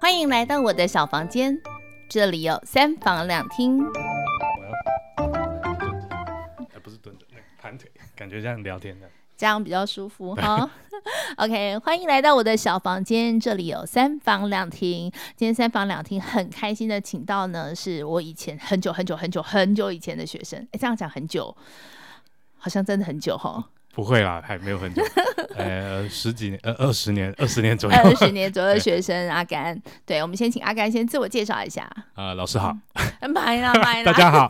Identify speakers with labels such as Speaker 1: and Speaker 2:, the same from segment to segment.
Speaker 1: 歡迎來到我的小房間，這裡有三房兩廳。
Speaker 2: 我要蹲着，不是蹲着，那個，盤腿，感覺這樣聊天的
Speaker 1: 這樣比較舒服哈、 哦。OK，歡迎來到我的小房間，這裡有三房兩廳。今天三房兩廳很開心的，請到呢是我以前很久很久很久很久以前的學生，誒，這樣講很久，好像真的很久哈。哦
Speaker 2: 不會啦，還沒有很久， 呃，十幾年，呃，二十年，二十年左右， 二十
Speaker 1: 年左右的學生阿甘。啊，對，我們先請阿甘先自我介紹一下。
Speaker 2: 呃，老師好。
Speaker 1: 拜啦拜啦。 大家好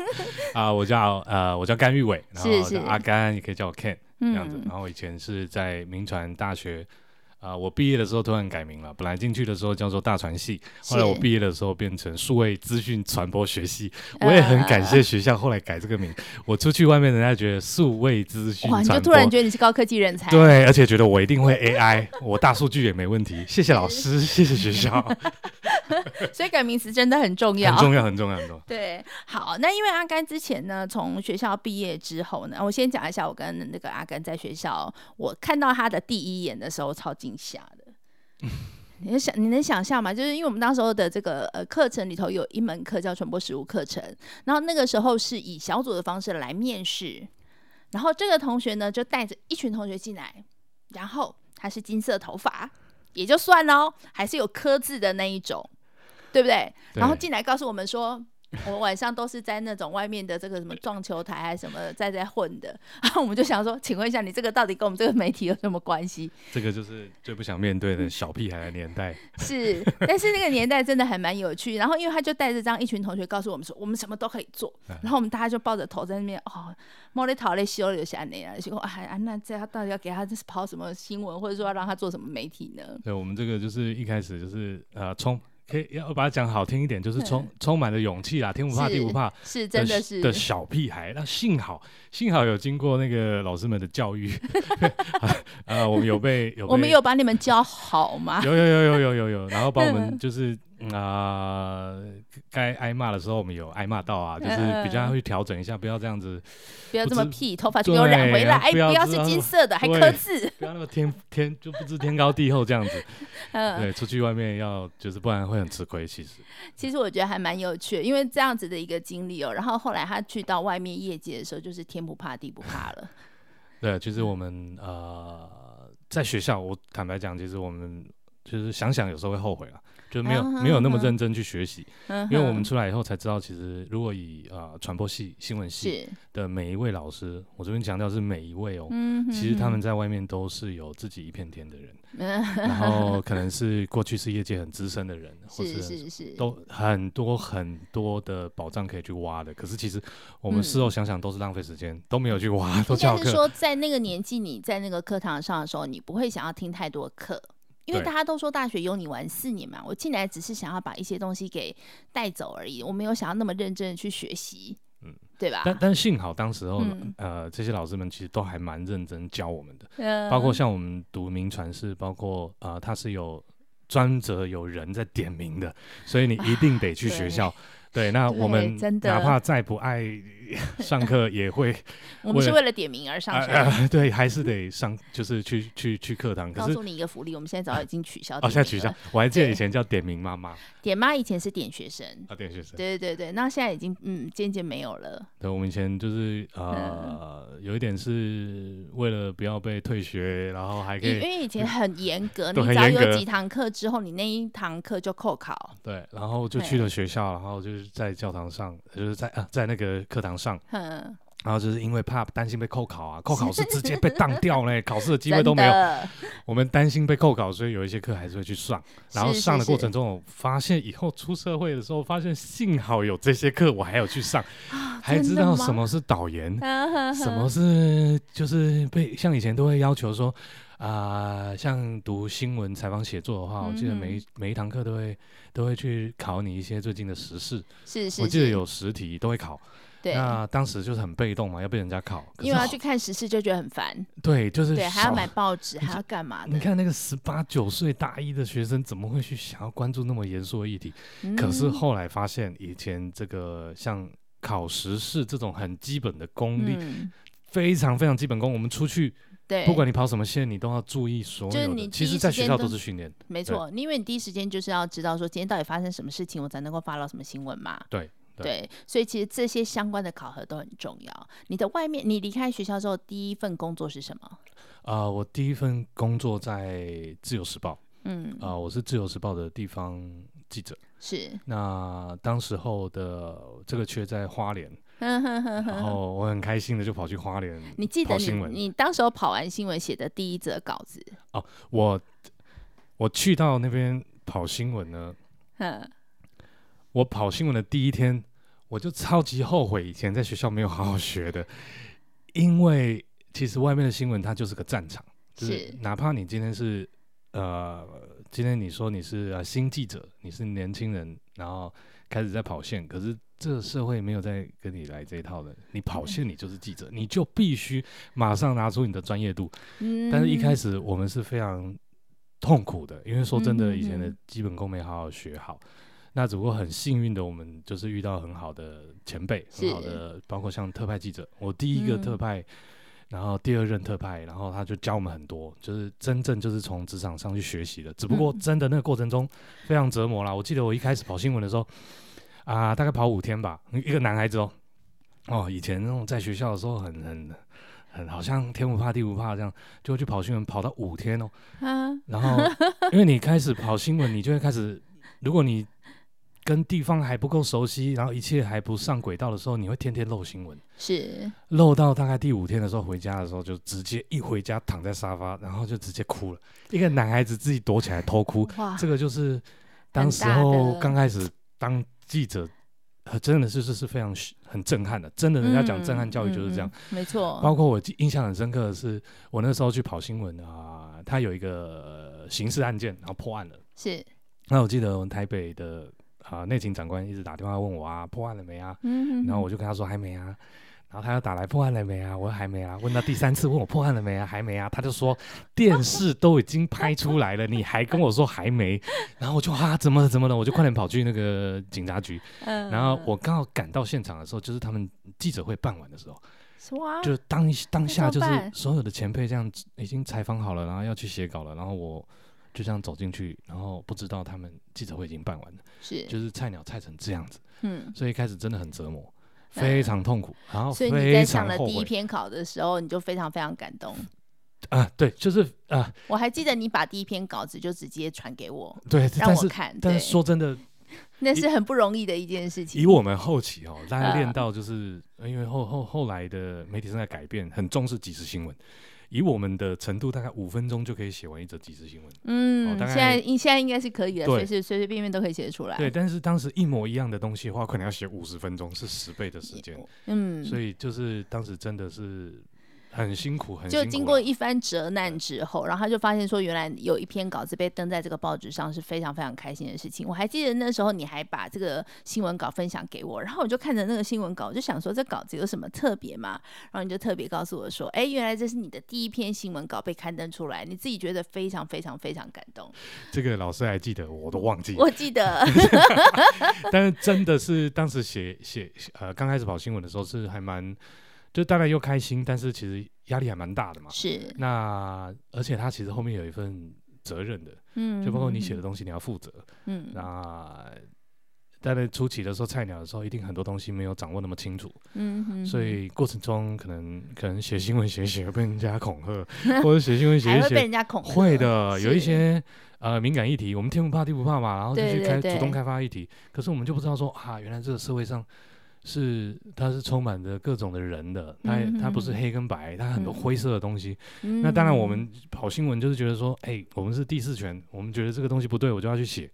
Speaker 2: 啊，呃，我叫呃，我叫甘玉偉， 然後我叫阿甘也 可以叫我 Ken
Speaker 1: 這樣子。然
Speaker 2: 後我以前是在銘傳大學。啊！我畢業的時候突然改名了。本來進去的時候叫做大傳系，後來我畢業的時候變成數位資訊傳播學系。我也很感謝學校後來改這個名。呃，我出去外面，人家覺得數位資訊，哇！你就突然覺
Speaker 1: 得你是高科技人才。對，而
Speaker 2: 且覺得我一定會 AI， 我大數據也沒問題。謝謝老師， 謝謝學校。
Speaker 1: 所以改名詞真的很重要，很重要，
Speaker 2: 很重要，很重要。
Speaker 1: 對，好。那因為阿甘之前呢，從學校畢業之後呢，我先講一下我跟那個阿甘在學校，我看到他的第一眼的時候，超驚的， 你能想你能想象嗎？就是因為我們當時候的這個呃課程裡頭有一門課叫傳播實務課程，然後那個時候是以小組的方式來面試，然後這個同學呢就帶着一群同學進來，然後他是金色頭髮，也就算嘍，還是有刻字的那一種，對不對？然後進來告訴我們說。 我們晚上都是在那種外面的這個什麼撞球台還什麼在在混的，然、啊、後我們就想說，請問一下你這個到底跟我們這個媒體有什麼關係？
Speaker 2: 這個就是最不想面對的小屁孩的年代。
Speaker 1: 是，但是那個年代真的還蠻有趣。 然後因為他就帶着這樣一群同學告訴我們說，我們什麼都可以做。 然後我們大家就抱着頭在那邊 哦，罵里討來，修里又瞎內啊，就說啊啊，那這他到底要給他就是跑什麼新聞，或者說要讓他做什麼媒體呢？
Speaker 2: 對，我們這個就是一開始就是啊，衝、呃。要把它講好聽一點，就是充、嗯、充滿了勇氣啦。天不怕地不怕，是真的是的小屁孩。那幸好幸好有經過那個老師們的教育， 呃，我們有被有被，我們
Speaker 1: 有把你們教好嗎？有有
Speaker 2: 有有有有有， 然後把我們就是。嗯啊、嗯，該、呃、挨罵的時候我們有挨罵到啊、呃，就是比較會調整一下，不要這樣子，呃、不，不要這麼屁頭髮就給我染回來、欸不欸，不要是金色的，還刻字，不要那麼天天就不知天高地厚這樣子。呃、對，出去外面要就是不然會很吃虧。其實、呃，
Speaker 1: 其實我覺得還蠻有趣的，因為這樣子的一個經歷哦、喔。然後後來他去到外面業界的時候，就是天不怕地不怕了。
Speaker 2: 呃、對，其、就、實、是、我們呃在學校，我坦白講，其實我們就是想想有時候會後悔啊。就沒有 uh, uh, uh, uh. 沒有那麼認真去學習，uh, uh, uh. 因為我們出來以後才知道，其實如果以啊傳播系、新聞系的每一位老師，我這邊強調是每一位哦、喔嗯，其實他們在外面都是有自己一片天的人，
Speaker 3: 嗯、然後
Speaker 2: 可能是過去是業界很資深的人， 或是是,是,是都很多很多的寶藏可以去挖的。可是其實我們事後想想都是浪費時間、嗯，都沒有去挖，都教課。也就是說，
Speaker 1: 在那個年紀，你在那個課堂上的時候，你不會想要聽太多課。因為大家都說大學由你玩四年嘛，我進來只是想要把一些東西給帶走而已，我沒有想要那麼認真的去學習，嗯，對吧？但
Speaker 2: 但幸好當時候、嗯，呃，這些老師們其實都還蠻認真教我們
Speaker 3: 的、嗯，包括
Speaker 2: 像我們讀銘傳世，包括呃，他是有專責有人在點名的，所以你一定得去學校。啊、對，對，那我們哪怕再不愛。 上課也會， 我們是為了點名而上學，啊啊、對，還是得上，就是去去去課堂。告訴你
Speaker 1: 一個福利，我們現在早已經取消、啊，哦，現在取消，我
Speaker 2: 還記得以前叫點名媽媽，
Speaker 1: 點媽以前是點學生啊，點學生，對對對，那現在已經嗯漸漸沒有了。
Speaker 2: 對，我們以前就是呃 有一點是為了不要被退學，然後還可以，因為以
Speaker 1: 前很嚴格, 格，你早修幾堂課之後，你那一堂課就扣考，
Speaker 2: 對，然後就去了學校，然後就是在教堂上，就是在啊在那個課堂。上，然後就是因為怕擔心被扣考啊，扣考是直接被當掉嘞， 考試的機會都沒有。 我們擔心被扣考，所以有一些課還是會去上。然後上的過程中，我發現以後出社會的時候，發現幸好有這些課，我還有去上，是是是，還知道什麼是導言、啊，什麼是就是被像以前都會要求說啊、呃，像讀新聞採訪寫作的話，我記得每、嗯、每一堂課都會都會去考你一些最近的時事，是是是，我記得有十題都會考。對，那當時就是很被動嘛，要被人家考。
Speaker 1: 因為要去看時事，就覺得很煩。
Speaker 2: 對，就是對，還要買
Speaker 1: 報紙，還要幹嘛的？你看
Speaker 2: 那個十八九歲大一的學生，怎麼會去想要關注那麼嚴肅的議題、嗯？可是後來發現，以前這個像考時事這種很基本的功力、嗯，非常非常基本功。我們出去，對，不管你跑什麼線，你都要注意所有的。就是、你其實，在學校都是訓練，沒錯。
Speaker 1: 因為你第一時間就是要知道說，今天到底發生什麼事情，我才能夠發到什麼新聞嘛？對。對，所以其實這些相關的考核都很重要。你的外面，你離開學校之後，第一份工作是什麼？啊、
Speaker 2: 呃，我第一份工作在《自由時報》。嗯，啊、呃，我是《自由時報》的地方記者。是。那當時候的這個區在花蓮。
Speaker 1: 呵呵呵。然後
Speaker 2: 我很開心的就跑去花蓮。你記得新聞，你
Speaker 1: 當時候跑完新聞寫的第一則稿子？哦，
Speaker 2: 我我去到那邊跑新聞呢。嗯
Speaker 1: 。
Speaker 2: 我跑新聞的第一天。我就超級後悔以前在學校沒有好好學的，因為其實外面的新聞它就是個戰場，就是哪怕你今天是呃，今天你說你是新記者，你是年輕人，然後開始在跑線，可是這個社會沒有在跟你來這一套的，你跑線，你就是記者，你就必須馬上拿出你的專業度。但是一開始我們是非常痛苦的，因為說真的，以前的基本功沒好好學好。那只不過很幸運的，我們就是遇到很好的前輩，是很好的，包括像特派記者，我第一個特派、嗯，然後第二任特派，然後他就教我們很多，就是真正就是從職場上去學習的。只不過真的那個過程中非常折磨啦。我記得我一開始跑新聞的時候，啊、呃，大概跑五天吧，一個男孩子哦，哦，以前那種在學校的時候很很很，很好像天不怕地不怕這樣，就會去跑新聞，跑到五天哦、
Speaker 1: 啊，然後
Speaker 2: 因為你開始跑新聞，你就會開始，如果你跟地方還不夠熟悉，然後一切還不上軌道的時候，你會天天漏新聞，是漏到大概第五天的時候，回家的時候就直接一回家躺在沙發，然後就直接哭了。一個男孩子自己躲起來偷哭，這個就是當時候剛開始當記者。的啊、真的是是是非常很震撼的。真的，人家講震撼教育就是這樣，
Speaker 1: 嗯嗯、沒錯。包
Speaker 2: 括我印象很深刻的是，我那時候去跑新聞啊，他有一個刑事案件，然後破案了，是那我記得我們台北的。啊、呃，內勤長官一直打電話問我啊，破案了沒啊？嗯、然後我就跟他說還沒啊，然後他又打來破案了沒啊？我說還沒啊，問他第三次問我 破案了沒啊？還沒啊？他就說電視都已經拍出來了， 你還跟我說還沒？然後我就啊，怎麼了怎麼了？我就快點跑去那個警察局。呃、然後我剛好趕到現場的時候，就是他們記者會辦完的時
Speaker 1: 候，啊、就
Speaker 2: 當當下就是所有的前輩這樣已經採訪好了，然後要去寫稿了，然後我。就這樣走進去，然後不知道他們記者會已經辦完了，是就是菜鳥菜成這樣子，嗯，所以一開始真的很折磨，非常痛苦。呃、然後，後所以你在寫了第一
Speaker 1: 篇稿的時候，你就非常非常感動
Speaker 2: 啊、呃，對，就是啊、呃，
Speaker 1: 我還記得你把第一篇稿子就直接傳給我，對，讓我看但對。但是說真的，那是很不容易的一件事情。以我們後期哦，大家練
Speaker 2: 到就是，呃、因為後後後來的媒體正在改變，很重視即時新聞。以我們的程度大、嗯哦，大概五分鐘就可以寫完一則即時新聞。嗯，現在
Speaker 1: 應現在應該是可以的，隨時隨隨便便都可以寫出來。對，
Speaker 2: 但是當時一模一樣的東西的話，可能要寫五十分鐘，是十倍的時間。嗯，所以就是當時真的是。很辛苦，很辛苦，就經過
Speaker 1: 一番折難之後，嗯、然後他就發現說，原來有一篇稿子被登在這個報紙上，是非常非常開心的事情。我還記得那時候，你還把這個新聞稿分享給我，然後我就看着那個新聞稿，我就想說，這稿子有什麼特別嗎？然後你就特別告訴我說，哎、欸，原來這是你的第一篇新聞稿被刊登出來，你自己覺得非常非常非常感動。
Speaker 2: 這個老師還記得，我都忘記了，我記
Speaker 1: 得。
Speaker 2: 但是真的是當時寫寫呃，剛開始跑新聞的時候是還蠻。就大概又開心，但是其實壓力還蠻大的嘛。是。那而且他其實後面有一份責任的，嗯哼哼，就包括你寫的東西你要負責，嗯哼哼。那大概初期的時候，菜鳥的時候，一定很多東西沒有掌握那麼清楚，嗯哼
Speaker 3: 哼。所
Speaker 2: 以過程中可能可能寫新聞寫寫被人家恐嚇， 或者寫新聞寫寫被人家恐嚇，會的，有一些呃敏感議題，我們天不怕地不怕嘛，然後就去開主動開發議題，對對對。可是我們就不知道說啊，原來這個社會上。是，它是充滿着各種的人的，它、嗯、它不是黑跟白，它很多灰色的東西。嗯、那當然，我們跑新聞就是覺得說，哎、嗯欸，我們是第四權，我們覺得這個東西不對，我就要去寫。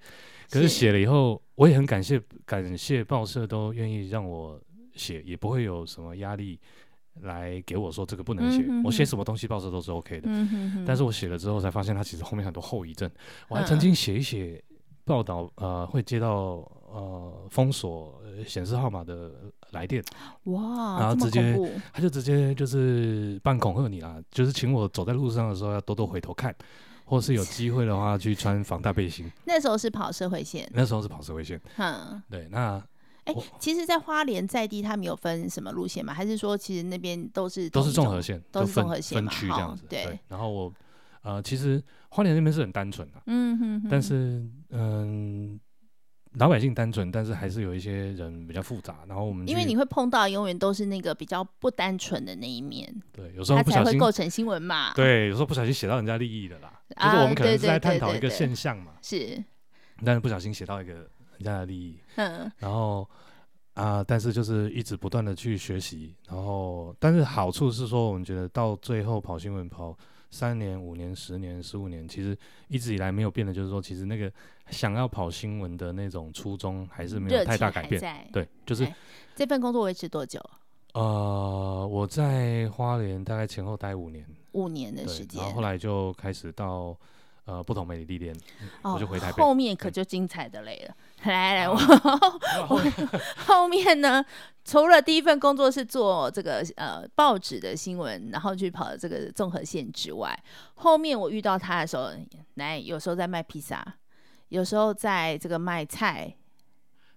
Speaker 2: 可是寫了以後，我也很感謝，感謝報社都願意讓我寫，也不會有什麼壓力來給我說這個不能寫、嗯，我寫什麼東西報社都是 OK 的。嗯、哼
Speaker 3: 哼，但是
Speaker 2: 我寫了之後，才發現它其實後面很多後遺症。我還曾經寫一寫、嗯、報道，呃，會接到。呃，封鎖顯示號碼的來電，
Speaker 1: 哇，然後直接
Speaker 2: 他就直接就是半恐嚇你啦、啊，就是請我走在路上的時候要多多回頭看，或是有機會的話去穿防彈背心。
Speaker 1: 那時候是跑社會線，那時候是跑社會線。
Speaker 2: 嗯，對，那哎、
Speaker 1: 欸，其實，在花蓮在地，他們有分什麼路線嗎？還是說，其實那邊都是都是綜合線，都是綜合線分分區這樣子、哦對。對。
Speaker 2: 然後我呃，其實花蓮那邊是很單純的、啊，嗯哼,哼，但是嗯。老百姓單純，但是還是有一些人比較複雜。然後我們因為你
Speaker 1: 會碰到，永遠都是那個比較不單純的那一面。對，有時候不小心他才會構成新聞嘛。
Speaker 2: 對，有時候不小心寫到人家利益的啦、啊。就是我們可能是在探討一個現象嘛，
Speaker 1: 對對對對對
Speaker 2: 對。是。但是不小心寫到一個人家的利益，嗯。然後啊、呃，但是就是一直不斷的去學習。然後，但是好處是說，我們覺得到最後跑新聞跑。三年、五年、十年、十五年，其實一直以來沒有變的，就是說，其實那個想要跑新聞的那種初衷還是沒有太大改變。對，就是
Speaker 1: 這份工作維持多久
Speaker 2: ？Okay. 呃，我在花蓮大概前後待五年，
Speaker 1: 五年的時間，然後後
Speaker 2: 來就開始到。呃，不同美媒地點、嗯哦、我就回台北。後
Speaker 1: 面可就精彩的累了，嗯、來，來來，啊、我， 我後面呢？除了第一份工作是做這個呃報紙的新聞，然後去跑這個綜合線之外，後面我遇到他的時候，來有時候在賣披薩，有時候在這個賣菜，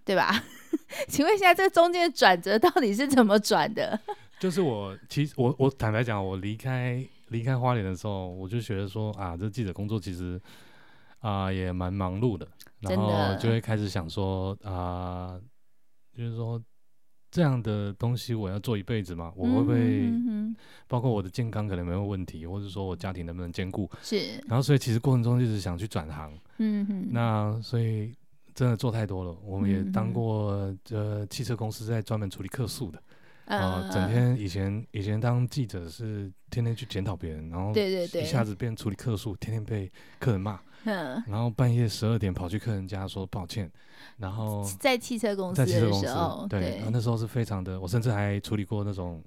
Speaker 1: 對吧？ 請問一下，這個、中間的轉折到底是怎麼轉的？
Speaker 2: 就是我，其實我我坦白講，我離開。離開花蓮的時候，我就覺得說啊，這記者工作其實啊、呃、也蠻忙碌的，然後就會開始想說啊、呃，就是說這樣的東西我要做一輩子嗎？我會不會包括我的健康可能沒有問題，嗯、哼哼或者說我家庭能不能兼顧？是。然後所以其實過程中一直想去轉行，嗯哼。那所以真的做太多了，我們也當過這、嗯呃、汽車公司在專門處理客訴的。
Speaker 3: 啊、呃嗯，整天
Speaker 2: 以前，嗯、以前當記者是天天去檢討別人，然後對對對，一下子變處理客訴，天天被客人罵、嗯，然後半夜十二點跑去客人家說抱歉，然後在
Speaker 1: 汽車公司，在汽車公司的時候，對，那時
Speaker 2: 候是非常的，我甚至還處理過那種。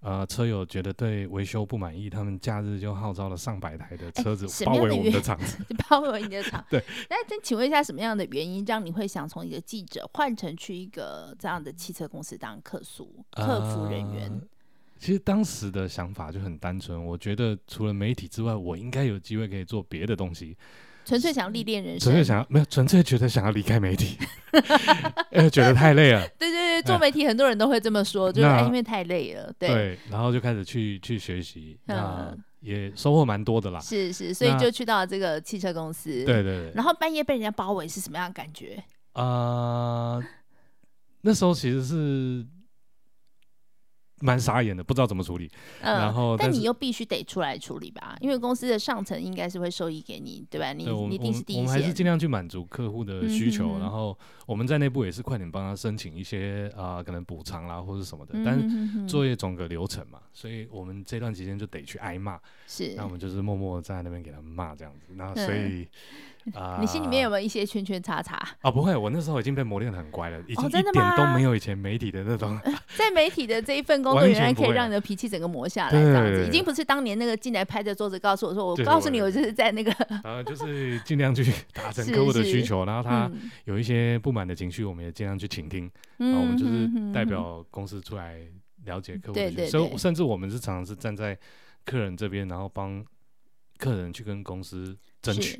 Speaker 2: 呃，車友覺得對維修不滿意，他們假日就號召了上百台的車子包圍我們的場子，欸、
Speaker 1: 包圍你的場 對，那請問一下，什麼樣的原因，讓你會想從一個記者換成去一個這樣的汽車公司當客訴客服人員、呃？
Speaker 2: 其實當時的想法就很單純，我覺得除了媒體之外，我應該有機會可以做別的東西。
Speaker 1: 純粹想要歷練人生，純粹想
Speaker 2: 要沒有，純粹覺得想要離開媒體， 呃，覺得太累了
Speaker 1: 對。對對對，做媒體很多人都會這麼說，哎、就是因為太累了對。對，
Speaker 2: 然後就開始去去學習那、嗯，也收穫蠻多的啦。是是，所以就
Speaker 1: 去到這個汽車公司。對對對。然後半夜被人家包圍是什麼樣的感覺？
Speaker 2: 啊、呃，那時候其實是。蠻傻眼的，不知道怎麼處理，呃、然後但，但你
Speaker 1: 又必須得出來處理吧，因為公司的上層應該是會授意給你，對吧？你，你一定是第一線，我們還是儘
Speaker 2: 量去滿足客戶的需求。嗯哼哼，然後我們在內部也是快點幫他申請一些啊、呃，可能補償啦或者什麼的。嗯哼哼。但作業總個流程嘛，所以我們這段期間就得去挨罵，
Speaker 1: 是那我們
Speaker 2: 就是默默在那邊給他們罵這樣子。嗯，那所以。嗯啊，你心裡面有
Speaker 1: 沒有一些圈圈叉叉
Speaker 2: 啊？不會，我那時候已經被磨練的很乖了，已經一點都沒有以前媒體的那種。哦、
Speaker 1: 在媒體的這一份工作，原來可以讓你的脾氣整個磨下來，這樣子對對對對，已經不是當年那個進來拍着桌子告訴我說：“我告訴你，我就是在那個。對對對
Speaker 2: 對” 啊，就是盡量去達成客戶的需求是是，然後是是，嗯，然後他有一些不滿的情緒，我們也盡量去傾聽。嗯，哼
Speaker 1: 哼哼然後我們就是代表
Speaker 2: 公司出來了解客戶對對對對，所以甚至我們是常常是站在客人這邊，然後幫客人去跟公司爭取。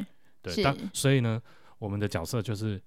Speaker 2: 是，所以呢，我們的角色就是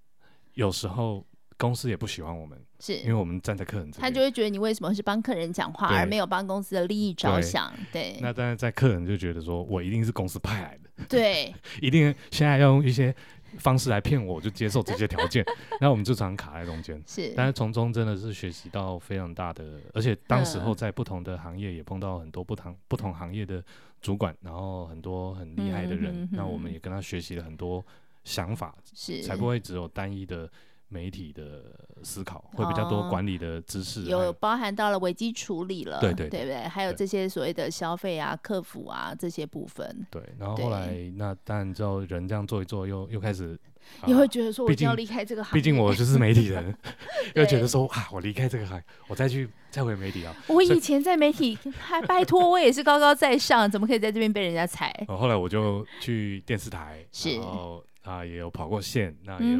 Speaker 2: 有時候公司也不喜歡我們，是因為我們站在客人這邊，他
Speaker 1: 就會覺得你為什麼是幫客人講話，而沒有幫公司的利益着想對。對，那
Speaker 2: 但在客人就覺得說我一定是公司派來的，
Speaker 1: 對，
Speaker 2: 一定現在要用一些。方式來騙我，我就接受這些條件， 那我們就常常卡在中間。是，但是從中真的是學習到非常大的，而且當時候在不同的行業也碰到很多不同、嗯、不同行業的主管，然後很多很厲害的人、嗯哼哼，那我們也跟他學習了很多想法，是，才不會只有單一的。媒體的思考會比較多，管理的知識、哦、有
Speaker 1: 包含到了危機處理了，對對對不對？還有這些所謂的消費啊、客服啊這些部分。對，然後後來
Speaker 2: 那當然之後人這樣做一做又，又又開始，你、
Speaker 1: 啊、會覺得說，我就要離開這個行業、欸。畢竟我就是媒
Speaker 2: 體人， 又覺得說啊，我離開這個行業，我再去再回媒體啊。我以
Speaker 1: 前在媒體，還拜托 我也是高高在上，怎麼可以在這邊被人家踩？哦，後
Speaker 2: 來我就去電視台， 是哦。然後啊，也有跑過線，那、啊嗯、也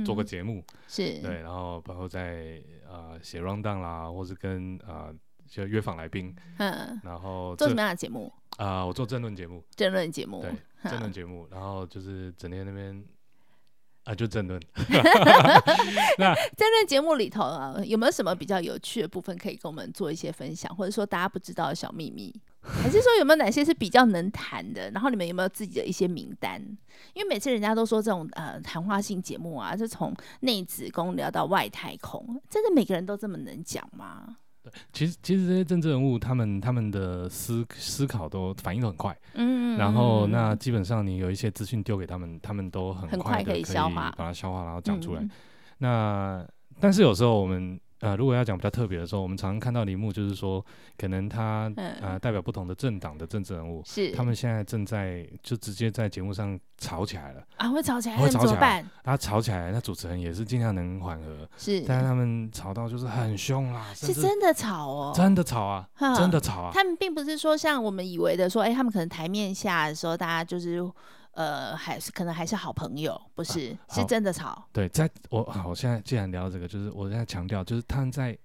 Speaker 2: 有做過節目，是，對，然後包括在啊寫 rundown 啦，或是跟啊、呃、就約訪來賓，嗯，然後做什麼樣的節目啊、呃？我做政論節目，
Speaker 1: 政論節目，對，
Speaker 2: 政論節目，然後就是整天那邊。啊，就政論。
Speaker 1: 那政論節目裡頭啊，有沒有什麼比較有趣的部分可以跟我們做一些分享，或者說大家不知道的小秘密，還是說有沒有哪些是比較能談的？然後你們有沒有自己的一些名單？因為每次人家都說這種呃談話性節目啊，就從內子宮聊到外太空，真的每個人都這麼能講嗎？
Speaker 2: 其實，其實這些政治人物，他們他們的思思考都反應都很快，嗯，然後那基本上你有一些資訊丟給他們，他們都很快的可以消化，把它消化，消化然後講出來。嗯、那但是有時候我們。呃，如果要講比較特別的時候，我們常常看到的一幕就是說可能他、嗯、呃代表不同的政黨的政治人物，是他們現在正在就直接在節目上吵起來了
Speaker 1: 啊，會吵起來，會吵起來，怎
Speaker 2: 麼辦？他吵起來，那主持人也是盡量能緩和，是，但是他們吵到就是很兇啦、啊，是真
Speaker 1: 的吵哦，真
Speaker 2: 的吵啊，真的吵啊，他們
Speaker 1: 並不是說像我們以為的說，哎、欸，他們可能台面下的時候，大家就是。呃，還是可能還是好朋友，不是、啊、是真的吵。
Speaker 2: 對，在我好我現在既然聊這個，嗯、就是我現在強調，就是他們在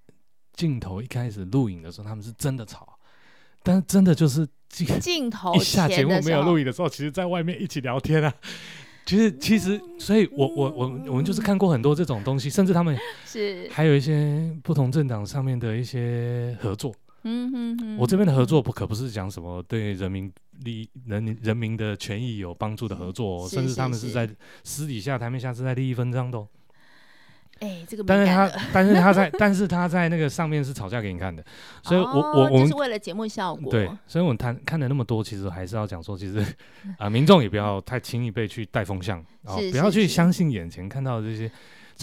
Speaker 2: 鏡頭一開始錄影的時候，他們是真的吵，但是真的就是鏡頭一下節目沒有錄影的時候，其實在外面一起聊天啊。其實其實，所以我我我我們就是看過很多這種東西，嗯、甚至他們是還有一些不同政黨上面的一些合作。嗯哼，哼，哼我這邊的合作不可不是講什麼對人民利益人人民的權益有幫助的合作，哦，是是是，甚至他們是在私底下台面下是在利益分贓，哦。的。哎，
Speaker 1: 這個。但是他 但是他在
Speaker 2: 但是他在那個上面是吵架給你看的，所以我、哦、我我們、就是、為
Speaker 1: 了節目效果對，
Speaker 2: 所以我們談看了那麼多，其實還是要講說，其實啊、呃，民眾也不要太輕易被去帶風向，啊，不要去相信眼前是是是看到這些。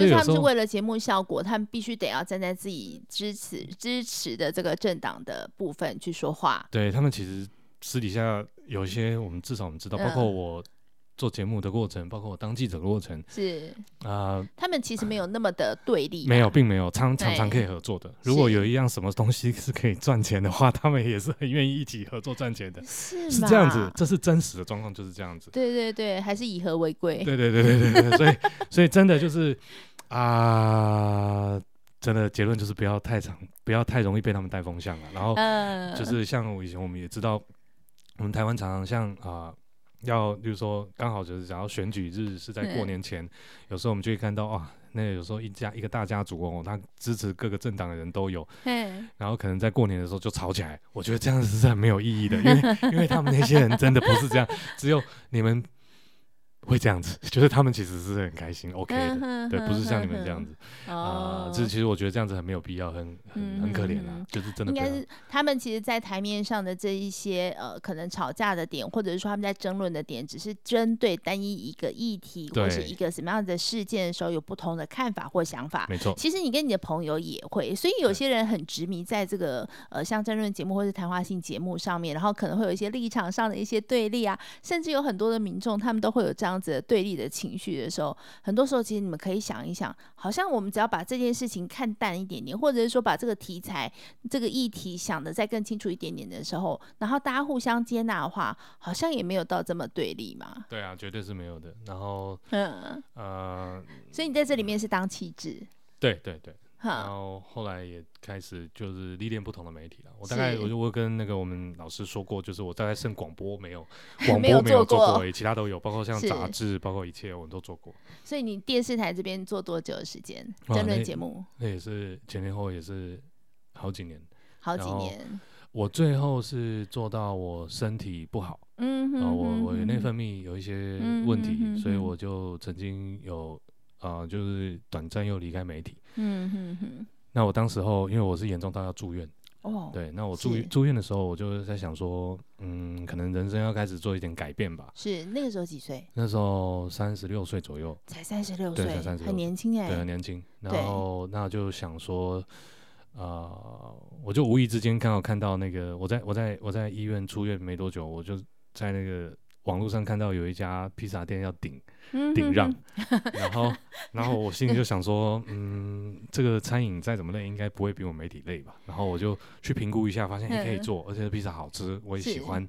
Speaker 2: 所以就是、他們是為
Speaker 1: 了節目效果，他們必須得要站在自己支持支持的這個政黨的部分去說話。
Speaker 2: 對他們其實私底下有一些，我們至少我們知道，嗯、包括我做節目的過程，包括我當記者的過程，是啊、呃，
Speaker 1: 他們其實沒有那麼的對立，呃、沒
Speaker 2: 有，並沒有，常常常可以合作的。如果有一樣什麼東西是可以賺錢的話，他們也是很願意一起合作賺錢的。是是這樣子，這是真實的狀況，就是這樣子。
Speaker 1: 對對對對，還是以和為貴。對對對對對，所以
Speaker 2: 所以真的就是。 啊、uh，真的結論就是不要太長，不要太容易被他們帶風向了。然後、uh, 就是像我以前我們也知道，我們台灣常常像啊、呃，要就是說剛好就是想要選舉日是在過年前，有時候我們就會看到啊、哦，那有時候一家一個大家族哦，他支持各個政黨的人都有，hey. 然後可能在過年的時候就吵起來。我覺得這樣子是很沒有意義的， 因為因為他們那些人真的不是這樣，只有你們。會這樣子，就是他們其實是很開心，OK 的，嗯哼哼哼哼哼，對，不是像你們這樣子
Speaker 1: 啊。這、嗯
Speaker 2: 呃、其實我覺得這樣子很沒有必要，很
Speaker 1: 很很可憐啊。嗯嗯嗯，
Speaker 2: 就是真的不應
Speaker 1: 該是他們其實，在台面上的這一些呃，可能吵架的點，或者是說他們在爭論的點，只是針對單一一個議題或是一個什麼樣的事件的時候有不同的看法或想法。沒錯，其實你跟你的朋友也會，所以有些人很執迷在這個、嗯、呃，像爭論節目或是談話性節目上面，然後可能會有一些立場上的一些對立啊，甚至有很多的民眾，他們都會有這樣。這樣子對立的情緒的時候，很多時候其實你們可以想一想，好像我們只要把這件事情看淡一點點，或者是說把這個題材、這個議題想得再更清楚一點點的時候，然後大家互相接納的話，好像也沒有到這麼對立嘛。
Speaker 2: 對啊，絕對是沒有的。然後，
Speaker 1: 嗯，嗯、呃，所以你在這裡面是當氣質、
Speaker 2: 嗯，對對對。對然後後來也開始就是歷練不同的媒體了。我大概我我跟那個我們老師說過，就是我大概剩廣播沒有，廣播沒有做過， 其他都有，包括像雜誌，包括一切我們都做過。
Speaker 1: 所以你電視台這邊做多久的時間啊？在那個節
Speaker 2: 目那，那也是前前後後也是好幾年，好幾年。我最後是做到我身體不好，嗯、
Speaker 1: 哼嗯哼然後
Speaker 2: 我，我我內分泌有一些問題，嗯哼嗯哼所以我就曾經有。啊、呃，就是短暫又離開媒體。嗯
Speaker 3: 哼
Speaker 2: 哼。那我當時候，因為我是嚴重到要住院。哦。對，那我住住院的時候，我就是在想說，嗯，可能人生要開始做一點改變吧。
Speaker 1: 是那個時候幾歲？
Speaker 2: 那時候三十六歲左右。
Speaker 1: 才三十六歲，很年輕耶。對，很
Speaker 2: 年輕。然後，那就想說，啊、呃，我就無意之間剛好看到那個，我在我在我在醫院出院沒多久，我就在那個網絡上看到有一家披薩店要頂。頂讓、嗯，然後，然後我心裡就想說， 嗯，這個餐飲再怎麼累，應該不會比我媒體累吧？然後我就去評估一下，發現也可以做，而且這披薩好吃，我也喜歡。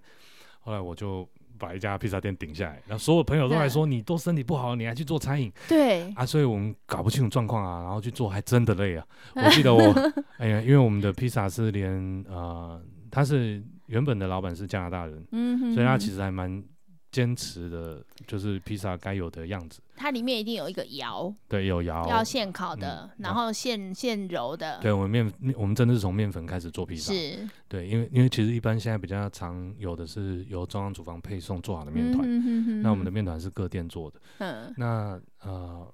Speaker 2: 後來我就把一家披薩店頂下來，然後所有朋友都還說：“你都身體不好，你還去做餐飲？”對啊，所以我們搞不清楚狀況啊，然後去做還真的累啊。我記得我， 哎呀，因為我們的披薩是連呃，他是原本的老闆是加拿大人、嗯，所以他其實還蠻。堅持的就是披薩該有的樣子，
Speaker 1: 它裡面一定有一個窯，
Speaker 2: 對，有窯，要
Speaker 1: 現烤的，嗯、然後現、啊、現揉的。
Speaker 2: 對，我們麵，我們真的是從麵粉開始做披薩。是，對，因為因為其實一般現在比較常有的是由中央廚房配送做好的麵團、嗯，那我們的麵團是各店做的。那呃，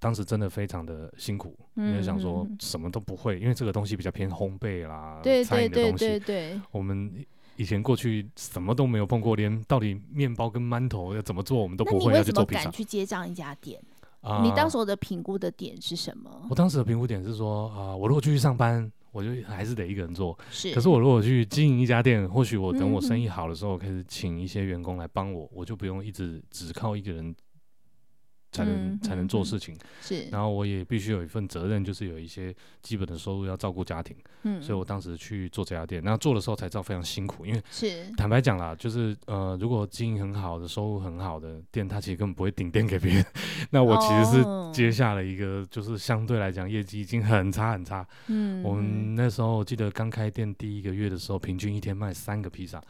Speaker 2: 當時真的非常的辛苦、嗯哼哼，因為想說什麼都不會，因為這個東西比較偏烘焙啦，對對對對對，餐飲的東西，對，我們。以前過去什麼都沒有碰過，連到底麵包跟饅頭要怎麼做，我們都不會要。那你為什麼敢去
Speaker 1: 接這樣一家店？呃、你當時我的評估的點是什麼？
Speaker 2: 我當時的評估點是說啊、呃，我如果繼續上班，我就還是得一個人做。是。可是我如果去經營一家店，或許我等我生意好的時候開始、嗯、請一些員工來幫我，我就不用一直只靠一個人。才能才能做事情，嗯嗯，是。然後我也必須有一份責任，就是有一些基本的收入要照顧家庭。嗯，所以我當時去做這家店，那做的時候才知道非常辛苦，因為是。坦白講啦，就是呃，如果經營很好的收入很好的店，他其實根本不會頂店給別人。 那我其實是接下了一個、哦，就是相對來講業績已經很差很差。嗯，我們那時候記得剛開店第一個月的時候，平均一天賣三個披薩。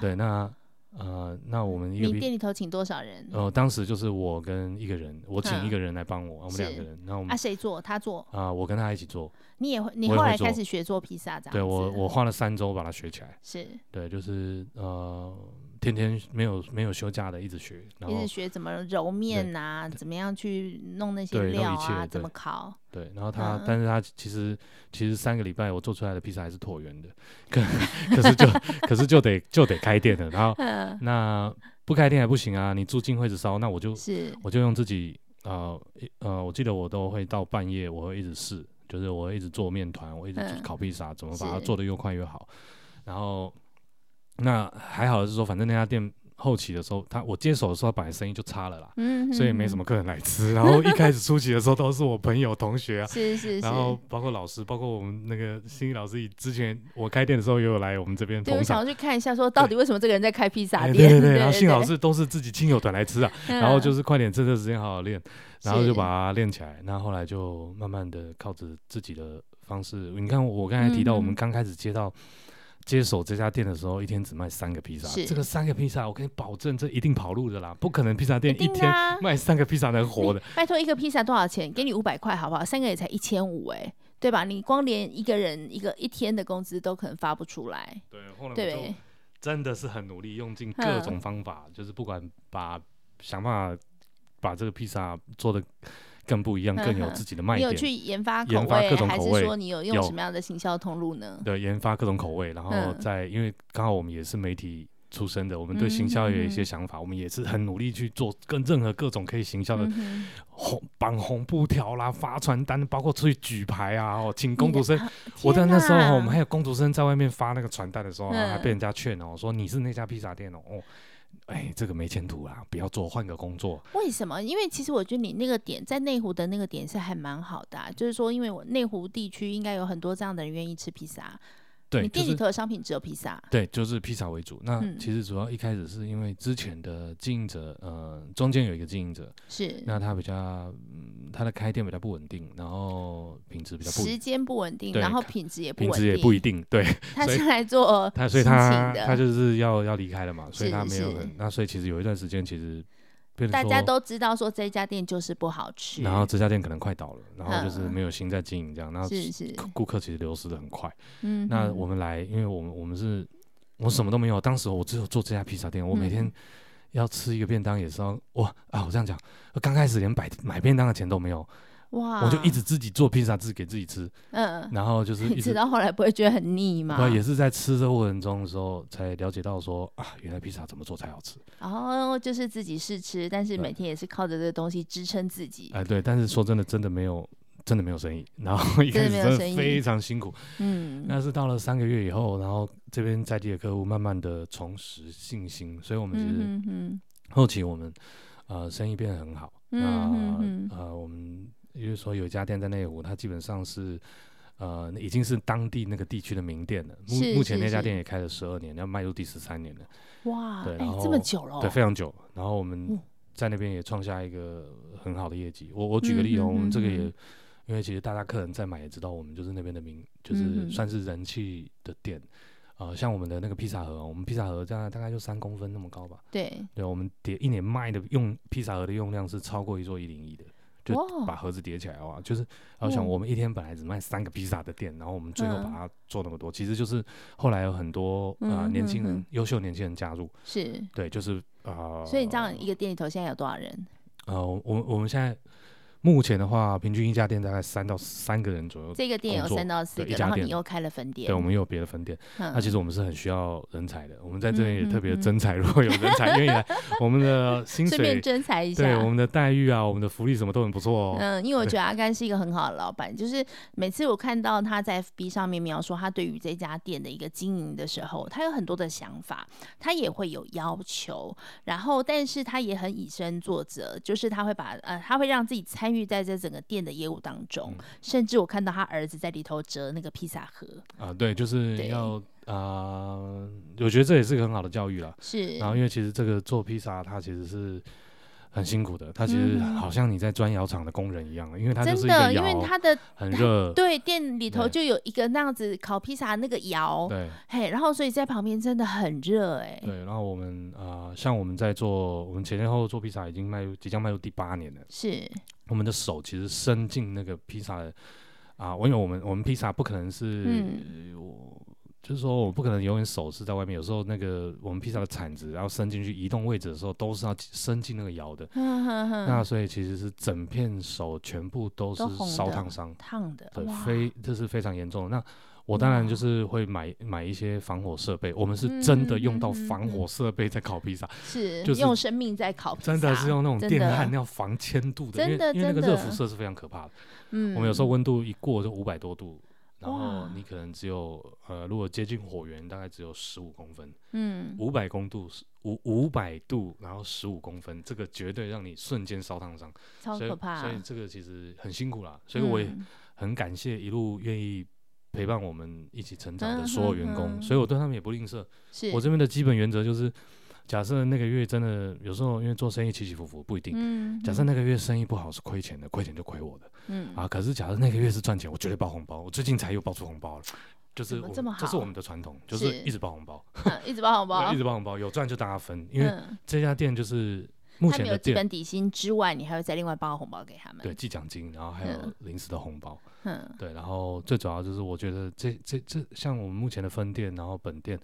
Speaker 2: 對，那。呃，那我們你店
Speaker 1: 裡頭請多少人？呃，
Speaker 2: 當時就是我跟一個人，我請一個人來幫我、嗯，我們兩個人。那我們啊，
Speaker 1: 誰做？他做啊、
Speaker 2: 呃，我跟他一起做。
Speaker 1: 你也會，也會你後來開始學做披薩這樣？對我對，我花了
Speaker 2: 三周把它學起來。是，對，就是呃。天天沒有沒有休假的，一直學然後，一直
Speaker 1: 學怎麼揉麵啊，怎麼樣去弄那些料啊，怎麼烤
Speaker 2: 對？對，然後他，嗯、但是他其實其實三個禮拜我做出來的披薩還是橢圓的，可是 可是就 可是就得就得開店了。然後那不開店還不行啊，你租金會一直燒，那我就是我就用自己呃呃，我記得我都會到半夜，我會一直試，就是我會一直做麵糰，我一直烤披薩，怎麼把它做得越快越好，然後。那還好，是說，反正那家店後期的時候，他我接手的時候，他本來生意就差了啦、嗯，所以沒什麼客人來吃。然後一開始初期的時候，都是我朋友、同學啊， 是是是，然後包括老師，包括我們那個新義老師，之前我開店的時候也有來我們這邊，對我想要
Speaker 1: 去看一下，說到底為什麼這個人在開披薩店對？對對對，然後幸好是
Speaker 2: 都是自己親友團來吃啊、 嗯，然後就是快點趁這個時間好好練，然後就把它練起來。那後，後來就慢慢的靠着自己的方式，你看我剛才提到，我們剛開始接到、嗯。接手這家店的時候，一天只賣三個披薩。這個三個披薩，我可以保證，這一定跑路的啦，不可能披薩店一天賣三個披薩能活的。
Speaker 1: 拜托、啊，一個披薩多少錢？給你五百塊好不好？三個也才一千五，哎，對吧？你光連一個人一個一天的工資都可能發不出來。對，後來，我就
Speaker 2: 真的是很努力，用盡各種方法、嗯，就是不管把想辦法把這個披薩做的。更不一樣、嗯，更有自己的賣點。你有去研發口味，研發各種口味還是說，你有用什麼
Speaker 1: 樣的行銷通路呢？
Speaker 2: 對，研發各種口味，然後在、嗯、因為剛好、嗯、好我們也是媒體出身的，我們對行銷有一些想法、嗯，我們也是很努力去做，跟任何各種可以行銷的，紅、嗯、綁紅布條啦，發傳單，包括出去舉牌啊，哦、喔，請工讀生。我在那時候，喔、我們還有工讀生在外面發那個傳單的時候，嗯、還被人家勸哦、喔，說你是那家披薩店哦、喔。喔哎，這個沒前途啊，不要做，換個工作。
Speaker 1: 為什麼？因為其實我覺得你那個點在內湖的那個點是還蠻好的啊，嗯，就是說，因為我內湖地區應該有很多這樣的人願意吃披薩。對，你店裡頭的商品只有披薩，就
Speaker 2: 是。對，就是披薩為主。那其實主要一開始是因為之前的經營者，嗯，呃、中間有一個經營者是，那他比較、嗯，他的開店比較不穩定，然後品質比較不，時間不穩定，然後品質也不穩定，品質也不一定。對，他是來做， 他所以他他就是要要離開了嘛，所以他沒有很是是是，那所以其實有一段時間其實。大家都
Speaker 1: 知道說這家店就是不好吃，然後
Speaker 2: 這家店可能快倒了，然後就是沒有心在經營這樣，是、嗯、是，顧客其實流失的很快。嗯，那我們來，因為我們我們是我什麼都沒有、嗯，當時我只有做這家披薩店，我每天要吃一個便當，也是要，哇、嗯、啊，我這樣講，我剛開始連買買便當的錢都沒有。Wow, 我就一直自己做披薩，自己給自己吃。嗯，然後就是一直到
Speaker 1: 後來不會覺得很膩嗎？對，也是
Speaker 2: 在吃的過程中的時候才了解到說啊，原來披薩怎麼做才好吃。
Speaker 1: 然後就是自己試吃，但是每天也是靠着這個東西支撐自己。嗯、
Speaker 2: 哎，對，但是說真的，真的沒有，真的沒有生意。然後一開始真的非常辛苦。嗯，那是到了三個月以後，然後這邊在地的客戶慢慢的重拾信心，所以我們其實嗯，嗯，後期我們呃生意變得很好。
Speaker 3: 嗯嗯嗯、呃
Speaker 2: 呃，我們。因為說有一家店在內湖，它基本上是呃已經是當地那個地區的名店了。目目前那家店也開了十二年，要邁入第十三年了。哇，對，然後、欸、這麼久了。哦，對，非常久。然後我們在那邊也創下一個很好的業績。我我舉個例哦，我們這個也嗯哼嗯哼，因為其實大家客人在買也知道，我們就是那邊的名，就是算是人氣的店，嗯呃。像我們的那個披薩盒，我們披薩盒大概大概就三公分那麼高吧。對，對，我們疊，一年賣的用披薩盒的用量是超過一座一零一的。
Speaker 1: 就把盒
Speaker 2: 子疊起來的話哇！就是我想，我們一天本來只賣三個披薩的店、嗯，然後我們最後把它做那麼多，嗯、其實就是後來有很多啊、嗯呃、年輕人，優秀年輕人加入，是對，就是啊、呃。所以
Speaker 1: 你這樣一個店裡頭現在有多少人？
Speaker 2: 呃，我我們現在。目前的話，平均一家店大概三到三個人左右。這個店有三到四個人，然後你又
Speaker 1: 開了分店，對，我們
Speaker 2: 又有別的分店。那、嗯啊、其實我們是很需要人才的，我們在這裡也特別徵才，如果有人才願 意來，我們的薪水、順便徵才一下，對，我們的待遇啊、我們的福利什麼都很不錯哦。嗯，因為我覺得阿
Speaker 1: 甘是一個很好的老闆，就是每次我看到他在 FB 上面描述他對於這家店的一個經營的時候，他有很多的想法，他也會有要求，然後但是他也很以身作則，就是他會把呃，他會讓自己猜。參與在這整個店的業務當中，嗯，甚至我看到他兒子在裡頭折那個披薩盒
Speaker 2: 啊，呃，對，就是要啊，呃，我覺得這也是個很好的教育啦。是，然後因為其實這個做披薩，它其實是。很辛苦的，他其實好像你在磚窯廠的工人一樣，嗯、因為他真的因為他的很熱。對，
Speaker 1: 店裡頭就有一個那樣子烤披薩那個窯，對，嘿，然後所以在旁邊真的很熱，哎。
Speaker 2: 對，然後我們啊、呃，像我們在做，我們前前後後做披薩已經邁，即將邁入第八年了。是，我們的手其實伸進那個披薩啊、呃，因為我們我們披薩不可能是、嗯就是說，我不可能永遠手是在外面。有時候那個我們披薩的鏟子，然後伸進去移動位置的時候，都是要伸進那個窯的。呵呵呵。那所以其實是整片手全部都是燒燙傷、燙的，對，非這是非常嚴重的。的。那我當然就是會買買一些防火設備。我們是真的用到防火設備在烤披薩，是、嗯、就是用生
Speaker 1: 命在烤披薩，真的是用那種電焊要防
Speaker 2: 千度的，的因為因為那個熱輻射是非常可怕的。嗯，
Speaker 1: 我們有時候
Speaker 2: 溫度一過就五百多度。然後你可能只有呃，如果接近火源，大概只有十五公分。嗯，五百公度是五五百度，然後十五公分，這個絕對讓你瞬間燒燙傷，超可怕啊，所以，所以這個其實很辛苦啦，所以我也很感謝一路願意陪伴我們一起成長的所有員工。嗯，嗯，嗯，嗯，所以我對他們也不吝嗇。我這邊的基本原則就是，假設那個月真的有時候因為做生意起起伏伏，不一定嗯。嗯。假設那個月生意不好是虧錢的，虧錢就虧我的。嗯啊，可是假如那個月是賺錢，我絕對包紅包，嗯。我最近才又包出紅包了，就是怎麼這麼好，這是我們的傳統，就是一直包紅包， 啊，
Speaker 1: 一直包紅包， 一直
Speaker 2: 包紅包，有賺就大家分。因為這家店就是目前的店，有基本底
Speaker 1: 薪之外，你還會再另外包紅包給他
Speaker 2: 們，對，季獎金，然後還有臨時的紅包，嗯，對，然後最主要就是我覺得這這這像我們目前的分店，然後本店。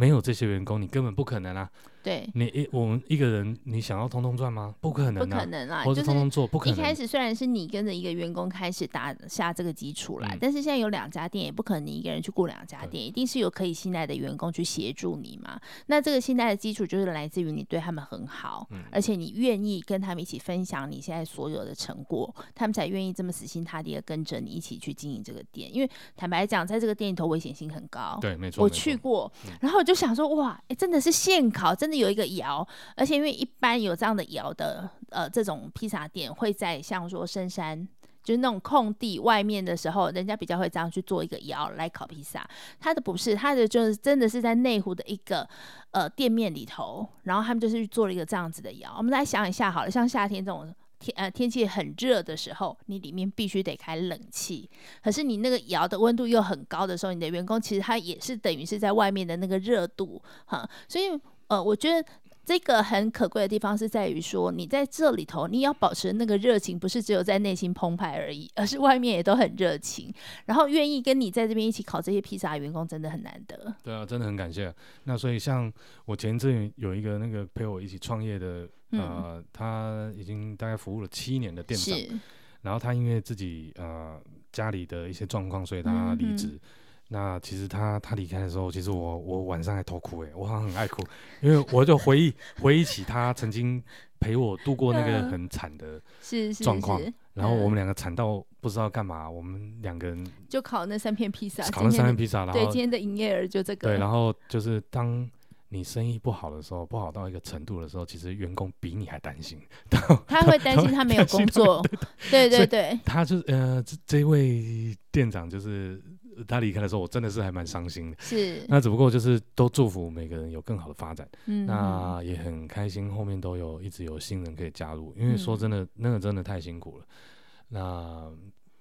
Speaker 2: 沒有這些員工，你根本不可能啊！對你一我們一個人，你想要通通賺嗎？不可能、啊，不可能啊！我就通通做、就是、不可能。一開始
Speaker 1: 雖然是你跟着一個員工開始打下這個基礎啦，嗯、但是現在有兩家店，也不可能你一個人去雇兩家店，一定是有可以信賴的員工去協助你嘛。那這個信賴的基礎就是來自於你對他們很好、嗯，而且你願意跟他們一起分享你現在所有的成果，他們才願意這麼死心塌地的跟着你一起去經營這個店。因為坦白講，在這個店裡頭危險性很高，對，沒錯，我去過，嗯、然後就。就想說哇、欸，真的是現烤，真的有一個窯，而且因為一般有這樣的窯的，呃，這種披薩店會在像說深山，就是那種空地外面的時候，人家比較會這樣去做一個窯來烤披薩。他的不是，他的就是真的是在內湖的一個呃店面裡頭，然後他們就是去做了一個這樣子的窯。我們來想一下好了，像夏天這種。天呃、啊，天氣很熱的時候，你裡面必須得開冷氣。可是你那個窯的溫度又很高的時候，你的員工其實他也是等於是在外面的那個熱度哈、啊。所以呃，我覺得這個很可貴的地方是在於說，你在這裡頭，你要保持那個熱情，不是只有在內心澎湃而已，而是外面也都很熱情，然後願意跟你在這邊一起烤這些披薩的員工，真的很難得。
Speaker 2: 對啊，真的很感謝。那所以像我前陣有一個那個陪我一起創業的。呃，他已經大概服務了七年的店長，嗯、然後他因為自己呃家裡的一些狀況，所以他離職。嗯嗯、那其實他他離開的時候，其實我我晚上還偷哭誒、欸，我好像很愛哭， 因為我就回憶 回憶起他曾經陪我度過那個很慘的狀況，啊、是是是是然後我們兩個慘到不知道幹嘛，嗯、我們兩個人
Speaker 1: 就烤那三片披薩，烤那三片披薩，然後對今天的營業額就這個，對，然
Speaker 2: 後就是當。你生意不好的時候，不好到一個程度的時候，其實員工比你還擔心。他會擔心他沒有工作， 對對對，對。他就是呃，這這位店長就是他離開的時候，我真的是還蠻傷心的。是。那只不過就是都祝福每個人有更好的發展。嗯、那也很開心，後面都有一直有新人可以加入。因為說真的，那個真的太辛苦了。嗯、那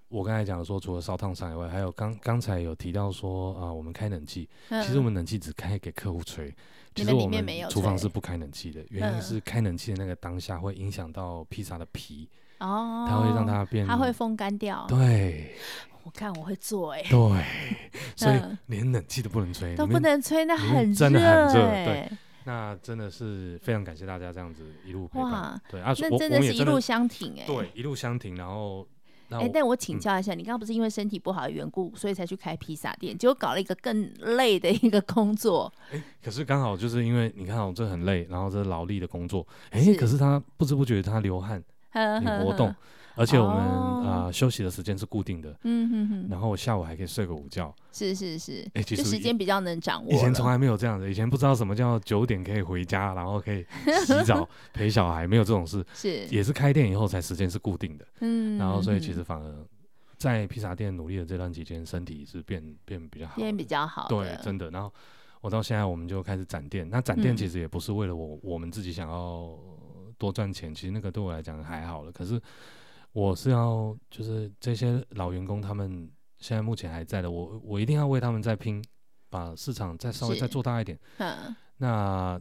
Speaker 2: 我剛才講的說，除了燒燙傷以外，還有剛剛才有提到說啊、呃，我們開冷氣、嗯，其實我們冷氣只開給客戶吹。其實我們廚房是不開冷氣的，原因是開冷氣的那個當下會影響到披薩的皮、哦，
Speaker 1: 它會讓它變，它會風乾掉。對，我看我會做誒、欸。對，所以
Speaker 2: 連冷氣都不能吹，都不能吹，那很熱，真的很熱。那真的是非常感謝大家這樣子一路陪伴哇，對、啊、那真的是真的一路相挺誒、欸，對，一路相挺，然後。哎、欸，但我請教一
Speaker 1: 下，嗯、你剛剛不是因為身體不好的緣故，所以才去開披薩店，結果搞了一個更累的一個工作。
Speaker 2: 欸、可是剛好就是因為你看哦，這很累，然後這勞力的工作，哎、欸，可是他不知不覺他流汗，很
Speaker 1: 活動。
Speaker 2: 而且我們啊、哦呃、休息的時間是固定的，嗯
Speaker 1: 哼哼。然
Speaker 2: 後我下午還可以睡個午覺，
Speaker 1: 是是是，欸、就時間比較能掌握。以前從來
Speaker 2: 沒有這樣子，以前不知道什麼叫九點可以回家，然後可以洗澡 陪小孩，沒有這種事。是，也是開店以後才時間是固定的。嗯
Speaker 1: 哼哼，然後所以其實
Speaker 2: 反而在披薩店努力的這段期間，身體是變變比
Speaker 1: 較好，變比較好，比較好。對，真
Speaker 2: 的。然後我到現在，我們就開始展店。那展店其實也不是為了我，嗯、我們自己想要多賺錢，其實那個對我來講還好了。可是。我是要，就是這些老員工，他們現在目前還在的，我我一定要為他們再拼，把市場再稍微再做大一點。嗯，那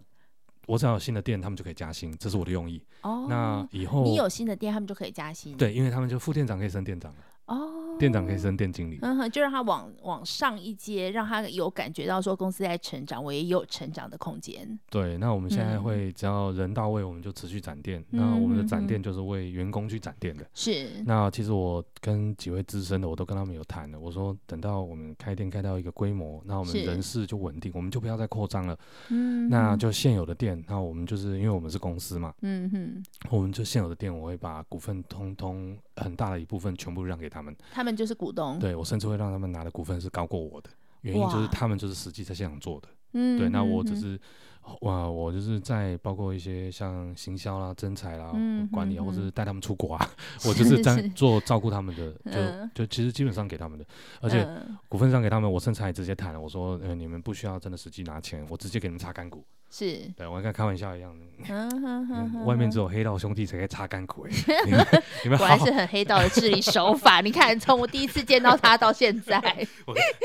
Speaker 2: 我只要有新的店，他們就可以加薪，這是我的用意。哦，那以後你有
Speaker 1: 新的店，他們就可以加薪。對，
Speaker 2: 因為他們就副店長可以升店長
Speaker 1: 了。哦。
Speaker 2: 店長可以升店經理，嗯
Speaker 1: 哼、嗯，就讓他往往上一階，讓他有感覺到說公司在成長，我也有成長的空間。
Speaker 2: 對，那我們現在會只要人到位，嗯、我們就持續展店、嗯。那我們的展店就是為員工去展店的。是、嗯。那其實我跟幾位資深的，我都跟他們有談了。我說，等到我們開店開到一個規模，那我們人事就穩定，我們就不要再擴張了。嗯。那就現有的店，那我們就是因為我們是公司嘛，嗯
Speaker 1: 哼，
Speaker 2: 我們就現有的店，我會把股份通通很大的一部分全部讓給他們。
Speaker 1: 他們。就是股東，對，
Speaker 2: 我甚至會讓他們拿的股份是高過我的，原因就是他們就是實際在現場做的。
Speaker 1: 對，那我只是、
Speaker 2: 嗯、哇，我就是在包括一些像行銷啦、徵才啦、嗯哼哼、管理啊，或者是帶他們出國啊，嗯、哼哼我就是在做照顧他們的。是是就就其實基本上給他們的，呃、而且股份上給他們，我甚至還直接談，我說嗯、呃，你們不需要真的實際拿錢，我直接給你們查幹股。是，對我跟他開玩笑一樣，嗯嗯
Speaker 1: 嗯嗯嗯嗯，外面
Speaker 2: 只有黑道兄弟才可以擦乾苦。 好好，果然還是很黑道的治
Speaker 1: 理手法。 你看，從我第一次見到他到現在，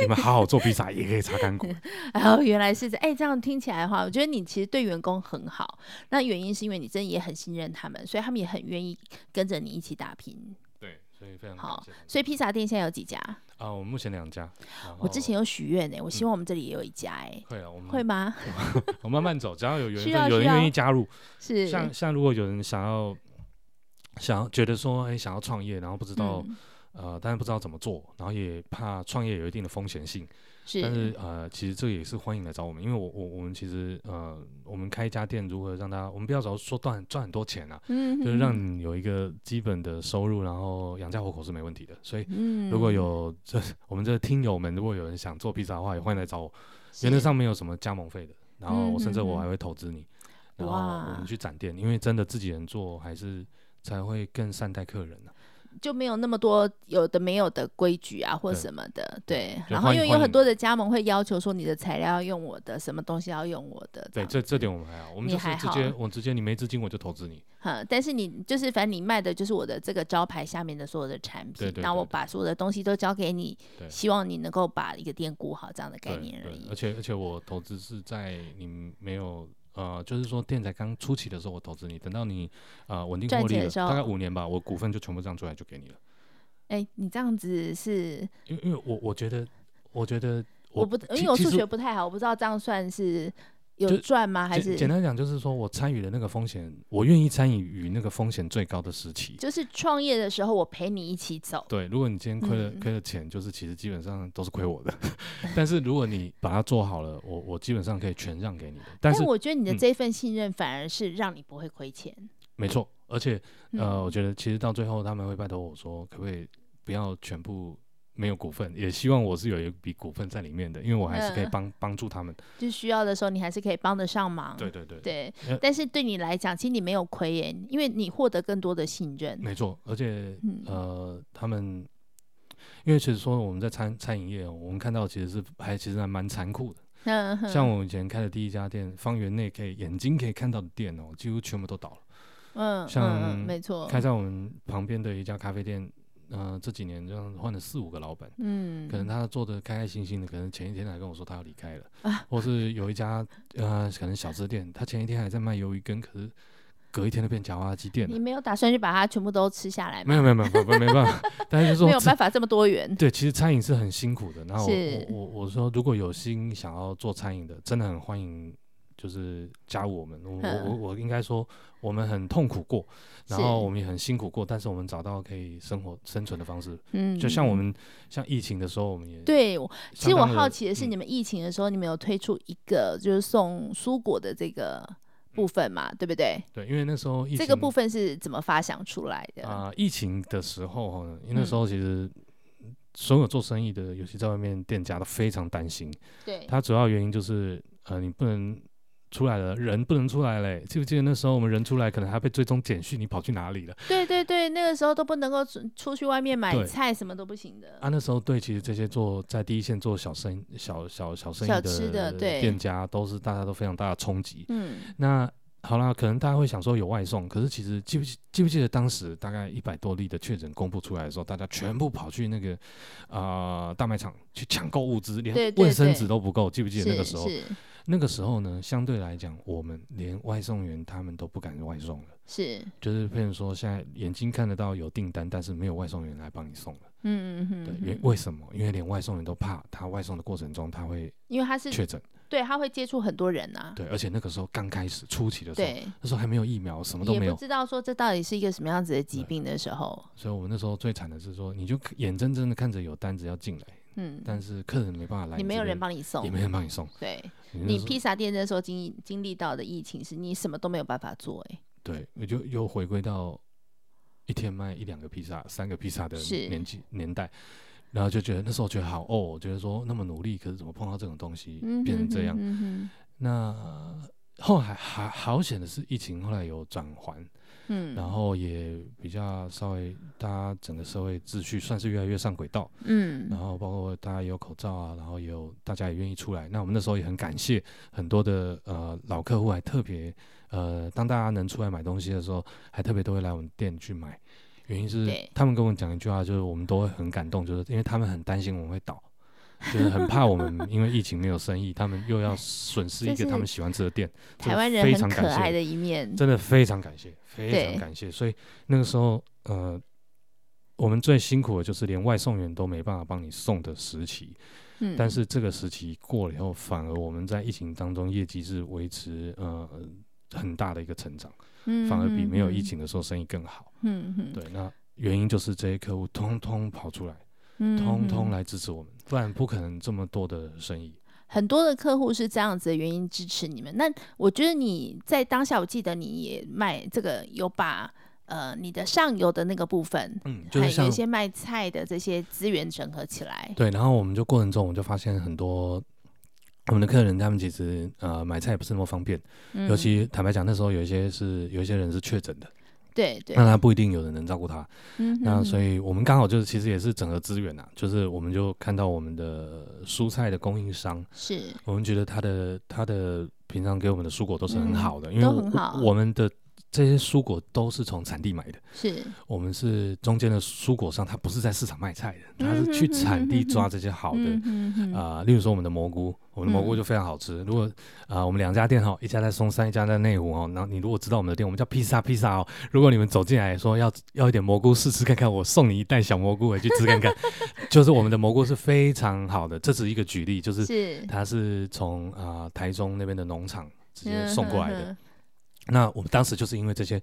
Speaker 2: 你們好好做披薩也可以擦乾苦，
Speaker 1: 嗯嗯，哦，原來是這，哎、欸，這樣聽起來的話，我覺得你其實對員工很好。那原因是因為你真的也很信任他們，所以他們也很願意跟着你一起打拼。對，非常好。所以披薩店現在有幾家
Speaker 2: 啊？我們目前兩家。我之前
Speaker 1: 有許願呢，我希望我們這裡也有一家哎、欸嗯。會啊，我們會嗎？ 我
Speaker 2: 們慢慢走，只要有緣分， 有人願意加入，
Speaker 1: 是。像
Speaker 2: 像如果有人想要，想要覺得說，哎、欸，想要創業，然後不知道、嗯，呃，但是不知道怎麼做，然後也怕創業有一定的風險性。是，但是呃，其實這個也是歡迎來找我們，因為我我我們其實呃，我們開一家店，如何讓他我們不要找說賺賺很多錢啊，嗯、哼哼就是讓你有一個基本的收入，然後養家活口是沒問題的。所以如果有、嗯、這我們這聽友們，如果有人想做披薩的話，也歡迎來找我。原則上沒有什麼加盟費的，然後甚至我還會投資你、嗯
Speaker 1: 哼哼，然後我們
Speaker 2: 去展店，因為真的自己人做還是才會更善待客人啊。
Speaker 1: 就沒有那麼多有的沒有的規矩啊，或什麼的，對。對然後，因為有很多的加盟會要求說，你的材料要用我的，什麼東西要用我的。對，
Speaker 2: 這這點我們還好，我們就是直接，我直接你沒資金我就投資你。
Speaker 1: 好、嗯，但是你就是反正你賣的就是我的這個招牌下面的所有的產品，對對對對對那然後，我把所有的東西都交給你，希望你能夠把一個店顧好這樣的概念而
Speaker 2: 已。對對對而且而且我投資是在你沒有。呃，就是說，店才剛初期的時候，我投資你，等到你呃穩定獲利了，大概五年吧，我股份就全部讓出來就給你了。
Speaker 1: 哎、欸，你這樣子是？因
Speaker 2: 為因為我我覺得，我覺得我，我不，因為我數學不
Speaker 1: 太好，我不知道這樣算是。有賺嗎？還是簡，簡單
Speaker 2: 講，就是說我參與的那個風險，我願意參與與那個風險最高的時期，
Speaker 1: 就是創業的時候，我陪你一起走。對，
Speaker 2: 如果你今天虧了虧了、嗯、錢，就是其實基本上都是虧我的。 但是如果你把它做好了，我我基本上可以全讓給你的。但是，但我覺得你的這
Speaker 1: 份信任、嗯，反而是讓你不會虧錢。
Speaker 2: 沒錯，而且、嗯、呃，我覺得其實到最後他們會拜托我說，可不可以不要全部。沒有股份，也希望我是有一筆股份在裡面的，因為我還是可以幫、嗯、幫助他們。
Speaker 1: 就需要的時候，你還是可以幫得上忙。對對
Speaker 2: 對對，對呃、但
Speaker 1: 是對你來講，其實你沒有虧耶，因為你獲得更多的信任。沒
Speaker 2: 錯，而且、嗯、呃，他們因為其實說我們在餐餐飲業、哦、我們看到其實是還其實還蠻殘酷的、嗯。像我以前開的第一家店，方圓內可以眼睛可以看到的店哦，幾乎全部都倒了。嗯，像嗯嗯沒錯，開在我們旁邊的一家咖啡店。嗯、呃,這幾年就換了四五個老板，嗯，可能他做的開開心心的，可能前一天還跟我說他要離開了，啊，或是有一家，呃，可能小吃店，他前一天還在賣魷魚羹，可是隔一天就變夾娃娃機店了。
Speaker 1: 你沒有打算去把它全部都吃下來嗎？沒
Speaker 2: 有沒有沒有，沒辦法， 但是就是沒有辦
Speaker 1: 法這麼多元。
Speaker 2: 對，其實餐飲是很辛苦的。然後我我我，我說，如果有心想要做餐飲的，真的很歡迎。就是加我們，我我我應該說，我們很痛苦過、嗯，然後我們也很辛苦過，但是我們找到可以生活生存的方式。
Speaker 1: 嗯，就像我
Speaker 2: 們像疫情的時候，我們也對。其實我好奇
Speaker 1: 的是，你們疫情的時候，你們有推出一個就是送蔬果的這個部分嘛？嗯、對不對？
Speaker 2: 對，因為那時候疫情這個部
Speaker 1: 分是怎麼發想出來的啊？
Speaker 2: 疫情的時候，因為那時候其實所有做生意的，尤其在外面店家都非常擔心。對，它主要原因就是呃，你不能，出來了，人不能出來了、欸。記不記得那時候我們人出來，可能還被追蹤、簡訊，你跑去哪裡了？
Speaker 1: 對對對，那個時候都不能夠出出去外面買菜，什麼都不行的。
Speaker 2: 啊，那時候對，其實這些做在第一線做小生小小小生意的店家，都是大家都非常大的衝擊。
Speaker 1: 嗯，
Speaker 2: 那好啦，可能大家會想說有外送，可是其實記不記記不記得當時大概一百多例的確診公布出來的時候，大家全部跑去那個啊、呃、大賣場去搶購物資，連衛生紙都不夠。記不記得那個時候？是是那個時候呢，相對來講，我們連外送員他們都不敢外送了。是，就是譬如說，現在眼睛看得到有訂單，但是沒有外送員來幫你送
Speaker 1: 了。嗯嗯
Speaker 2: 嗯。對，為什麼？因為連外送員都怕，他外送的過程中他會，
Speaker 1: 因為他是確診，對，他會接觸很多人吶、啊。對，
Speaker 2: 而且那個時候剛開始初期的時候，那時候還沒有疫苗，什麼都沒有，不知
Speaker 1: 道說這到底是一個什麼樣子的疾病的時候。
Speaker 2: 所以我們那時候最慘的是說，你就眼睜睜的看着有單子要進來。嗯，但是客人沒辦法來你，你沒有人幫你送，也沒人幫你送。對，你披薩
Speaker 1: 店那時候經經歷到的疫情是你什麼都沒有辦法做。欸，哎，
Speaker 2: 對，我就又回歸到一天賣一兩個披薩、三個披薩的年紀年代，然後就覺得那時候覺得好哦，我覺得說那麼努力，可是怎麼碰到這種東西，嗯、哼哼哼哼變成這樣？嗯、哼哼哼那後還還好險的是疫情後來有轉圜。嗯，然後也比較稍微，大家整個社會秩序算是越來越上軌道，嗯，然後包括大家有口罩啊，然後也有大家也願意出來，那我們那時候也很感謝很多的呃老客戶，還特別呃，當大家能出來買東西的時候，還特別都會來我們店去買，原因是他們跟我們講一句話，就是我們都會很感動，就是因為他們很擔心我們會倒。就是很怕我們因為疫情沒有生意， 他們又要損失一個他們喜歡吃的店。就是、台灣人很可愛的
Speaker 1: 一面，真
Speaker 2: 的非常感謝，非常感謝。所以那個時候，呃，我們最辛苦的就是連外送員都沒辦法幫你送的時期，嗯。但是這個時期過了以後，反而我們在疫情當中業績是維持呃很大的一個成長，嗯。反而比沒有疫情的時候生意更好。嗯嗯，對，那原因就是這些客戶通通跑出來。
Speaker 1: 通通來
Speaker 2: 支持我們，不然不可能這麼多的生意。嗯，
Speaker 1: 很多的客戶是這樣子的原因支持你們。那我覺得你在當下，我記得你也賣這個 Yoba，呃，有把呃你的上游的那個部分，嗯，就是還有一些賣菜的這些資源整合起來。對，
Speaker 2: 然後我們就過程中，我們就發現很多我們的客人他們其實呃買菜也不是那麼方便，嗯，尤其坦白講，那時候有一些是有一些人是確診的。
Speaker 1: 對對，那他不一定
Speaker 2: 有人能照顧他，
Speaker 1: 嗯、那所
Speaker 2: 以我們剛好就是其實也是整合資源吶、啊，就是我們就看到我們的蔬菜的供應商，是我們覺得他的他的平常給我們的蔬果都是很好的，嗯、因為我，、都很好啊、我，我們的。這些蔬果都是從產地買的。是，我們是中間的蔬果商，它不是在市場賣菜的，它是去產地抓這些好的。啊、嗯呃，例如說我們的蘑菇，我們的蘑菇就非常好吃。嗯、如果啊、呃，我們兩家店哈，一家在松山，一家在內湖哦。那你如果知道我們的店，我們叫披薩披薩哦。如果你們走進來說要要一點蘑菇試吃看看，我送你一袋小蘑菇回去吃看看。 就是我們的蘑菇是非常好的，這是一個舉例，就是它是從啊、呃、台中那邊的農場直接送過來的。呵呵那我們當時就是因為這些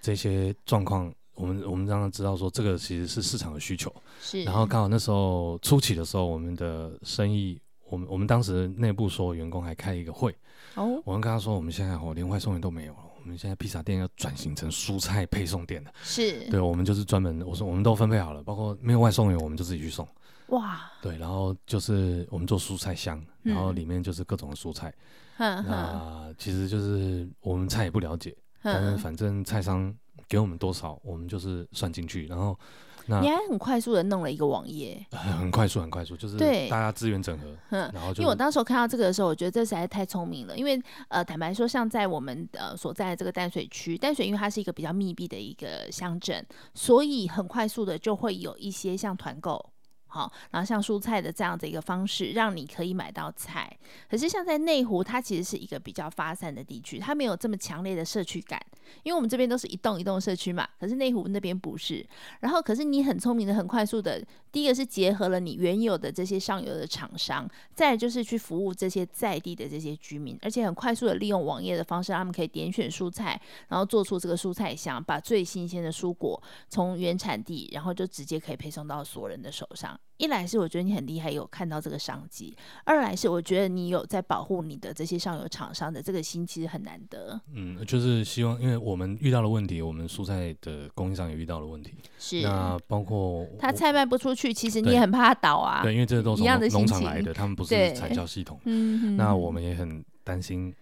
Speaker 2: 這些狀況，我們我們讓他知道說這個其實是市場的需求。是。然後剛好那時候初期的時候，我們的生意，我們我們當時內部說，員工還開一個會。哦。我們跟他說，我們現在哦連外送員都沒有了，我們現在披薩店要轉型成蔬菜配送店了。是。對，我們就是專門，我說我們都分配好了，包括沒有外送員，我們就自己去送。
Speaker 1: 哇。
Speaker 2: 對，然後就是我們做蔬菜箱，然後裡面就是各種的蔬菜。嗯呵呵，那其實就是我們菜也不了解，但是反正菜商給我們多少，我們就是算進去。然後那，那你還
Speaker 1: 很快速的弄了一個網頁、呃，
Speaker 2: 很快速，很快速，就是大家資源整合。嗯，
Speaker 1: 然後、就是、因為我當時候看到這個的時候，我覺得這實在是太聰明了。因為呃，坦白說，像在我們呃所在的這個淡水區，淡水因為它是一個比較密閉的一個鄉鎮，所以很快速的就會有一些像團購。好，然後像蔬菜的這樣的一個方式，讓你可以買到菜。可是像在內湖，它其實是一個比較發散的地區，它沒有這麼強烈的社區感。因為我們這邊都是一棟一棟社區嘛，可是內湖那邊不是。然後，可是你很聰明的、很快速的，第一個是結合了你原有的這些上游的廠商，再來就是去服務這些在地的這些居民，而且很快速的利用網頁的方式，讓他們可以點選蔬菜，然後做出這個蔬菜箱，把最新鮮的蔬果從原產地，然後就直接可以配送到所有人的手上。一來是我覺得你很厲害，有看到這個商機；二來是我覺得你有在保護你的這些上游廠商的這個心，其實很難得。
Speaker 2: 嗯，就是希望，因為我們遇到了問題，我們蔬菜的供應商也遇到了問題。是，那包括他
Speaker 1: 菜賣不出去，其實你也很怕倒啊對。對，因為這都是農場來的，的，他們不是產銷系統。嗯哼，
Speaker 2: 那我們也很擔心，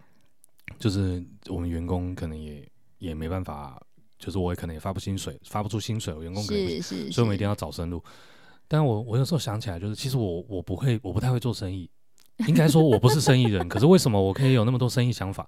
Speaker 2: 就是我們員工可能也也沒辦法，就是我也可能也發不薪水，發不出薪水，我員工給是，是是，所以我們一定要找生路。但我我有時候想起來，就是其實我我不會，我不太會做生意，應該說我不是生意人。 可是為什麼我可以有那麼多生意想法？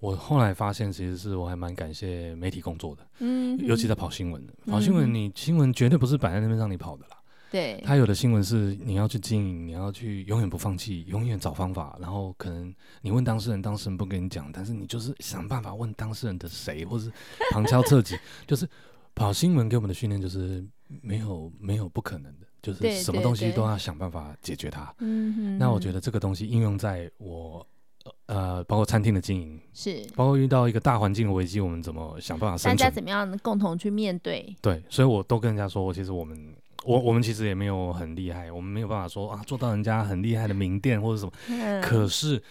Speaker 2: 我後來發現，其實是我還蠻感謝媒體工作的，
Speaker 1: 嗯，尤其
Speaker 2: 在跑新聞的。跑新聞，你新聞絕對不是擺在那邊讓你跑的啦。對、嗯，它有的新聞是你要去經營，你要去永遠不放棄，永遠找方法。然後可能你問當事人，當事人不跟你講，但是你就是想辦法問當事人的誰，或是旁敲側擊， 就是跑新聞給我們的訓練，就是沒有沒有不可能的。就是什麼東西都要想辦法解決它。
Speaker 1: 嗯哼，那我覺
Speaker 2: 得這個東西應用在我、嗯、呃，包括餐廳的經營，是包括遇到一個大環境的危機，我們怎麼想辦法生存？大家
Speaker 1: 怎麼樣共同去面對？
Speaker 2: 對，所以我都跟人家說，我其實我們我我們其實也沒有很厲害，我們沒有辦法說啊做到人家很厲害的名店或者什麼、嗯。可是。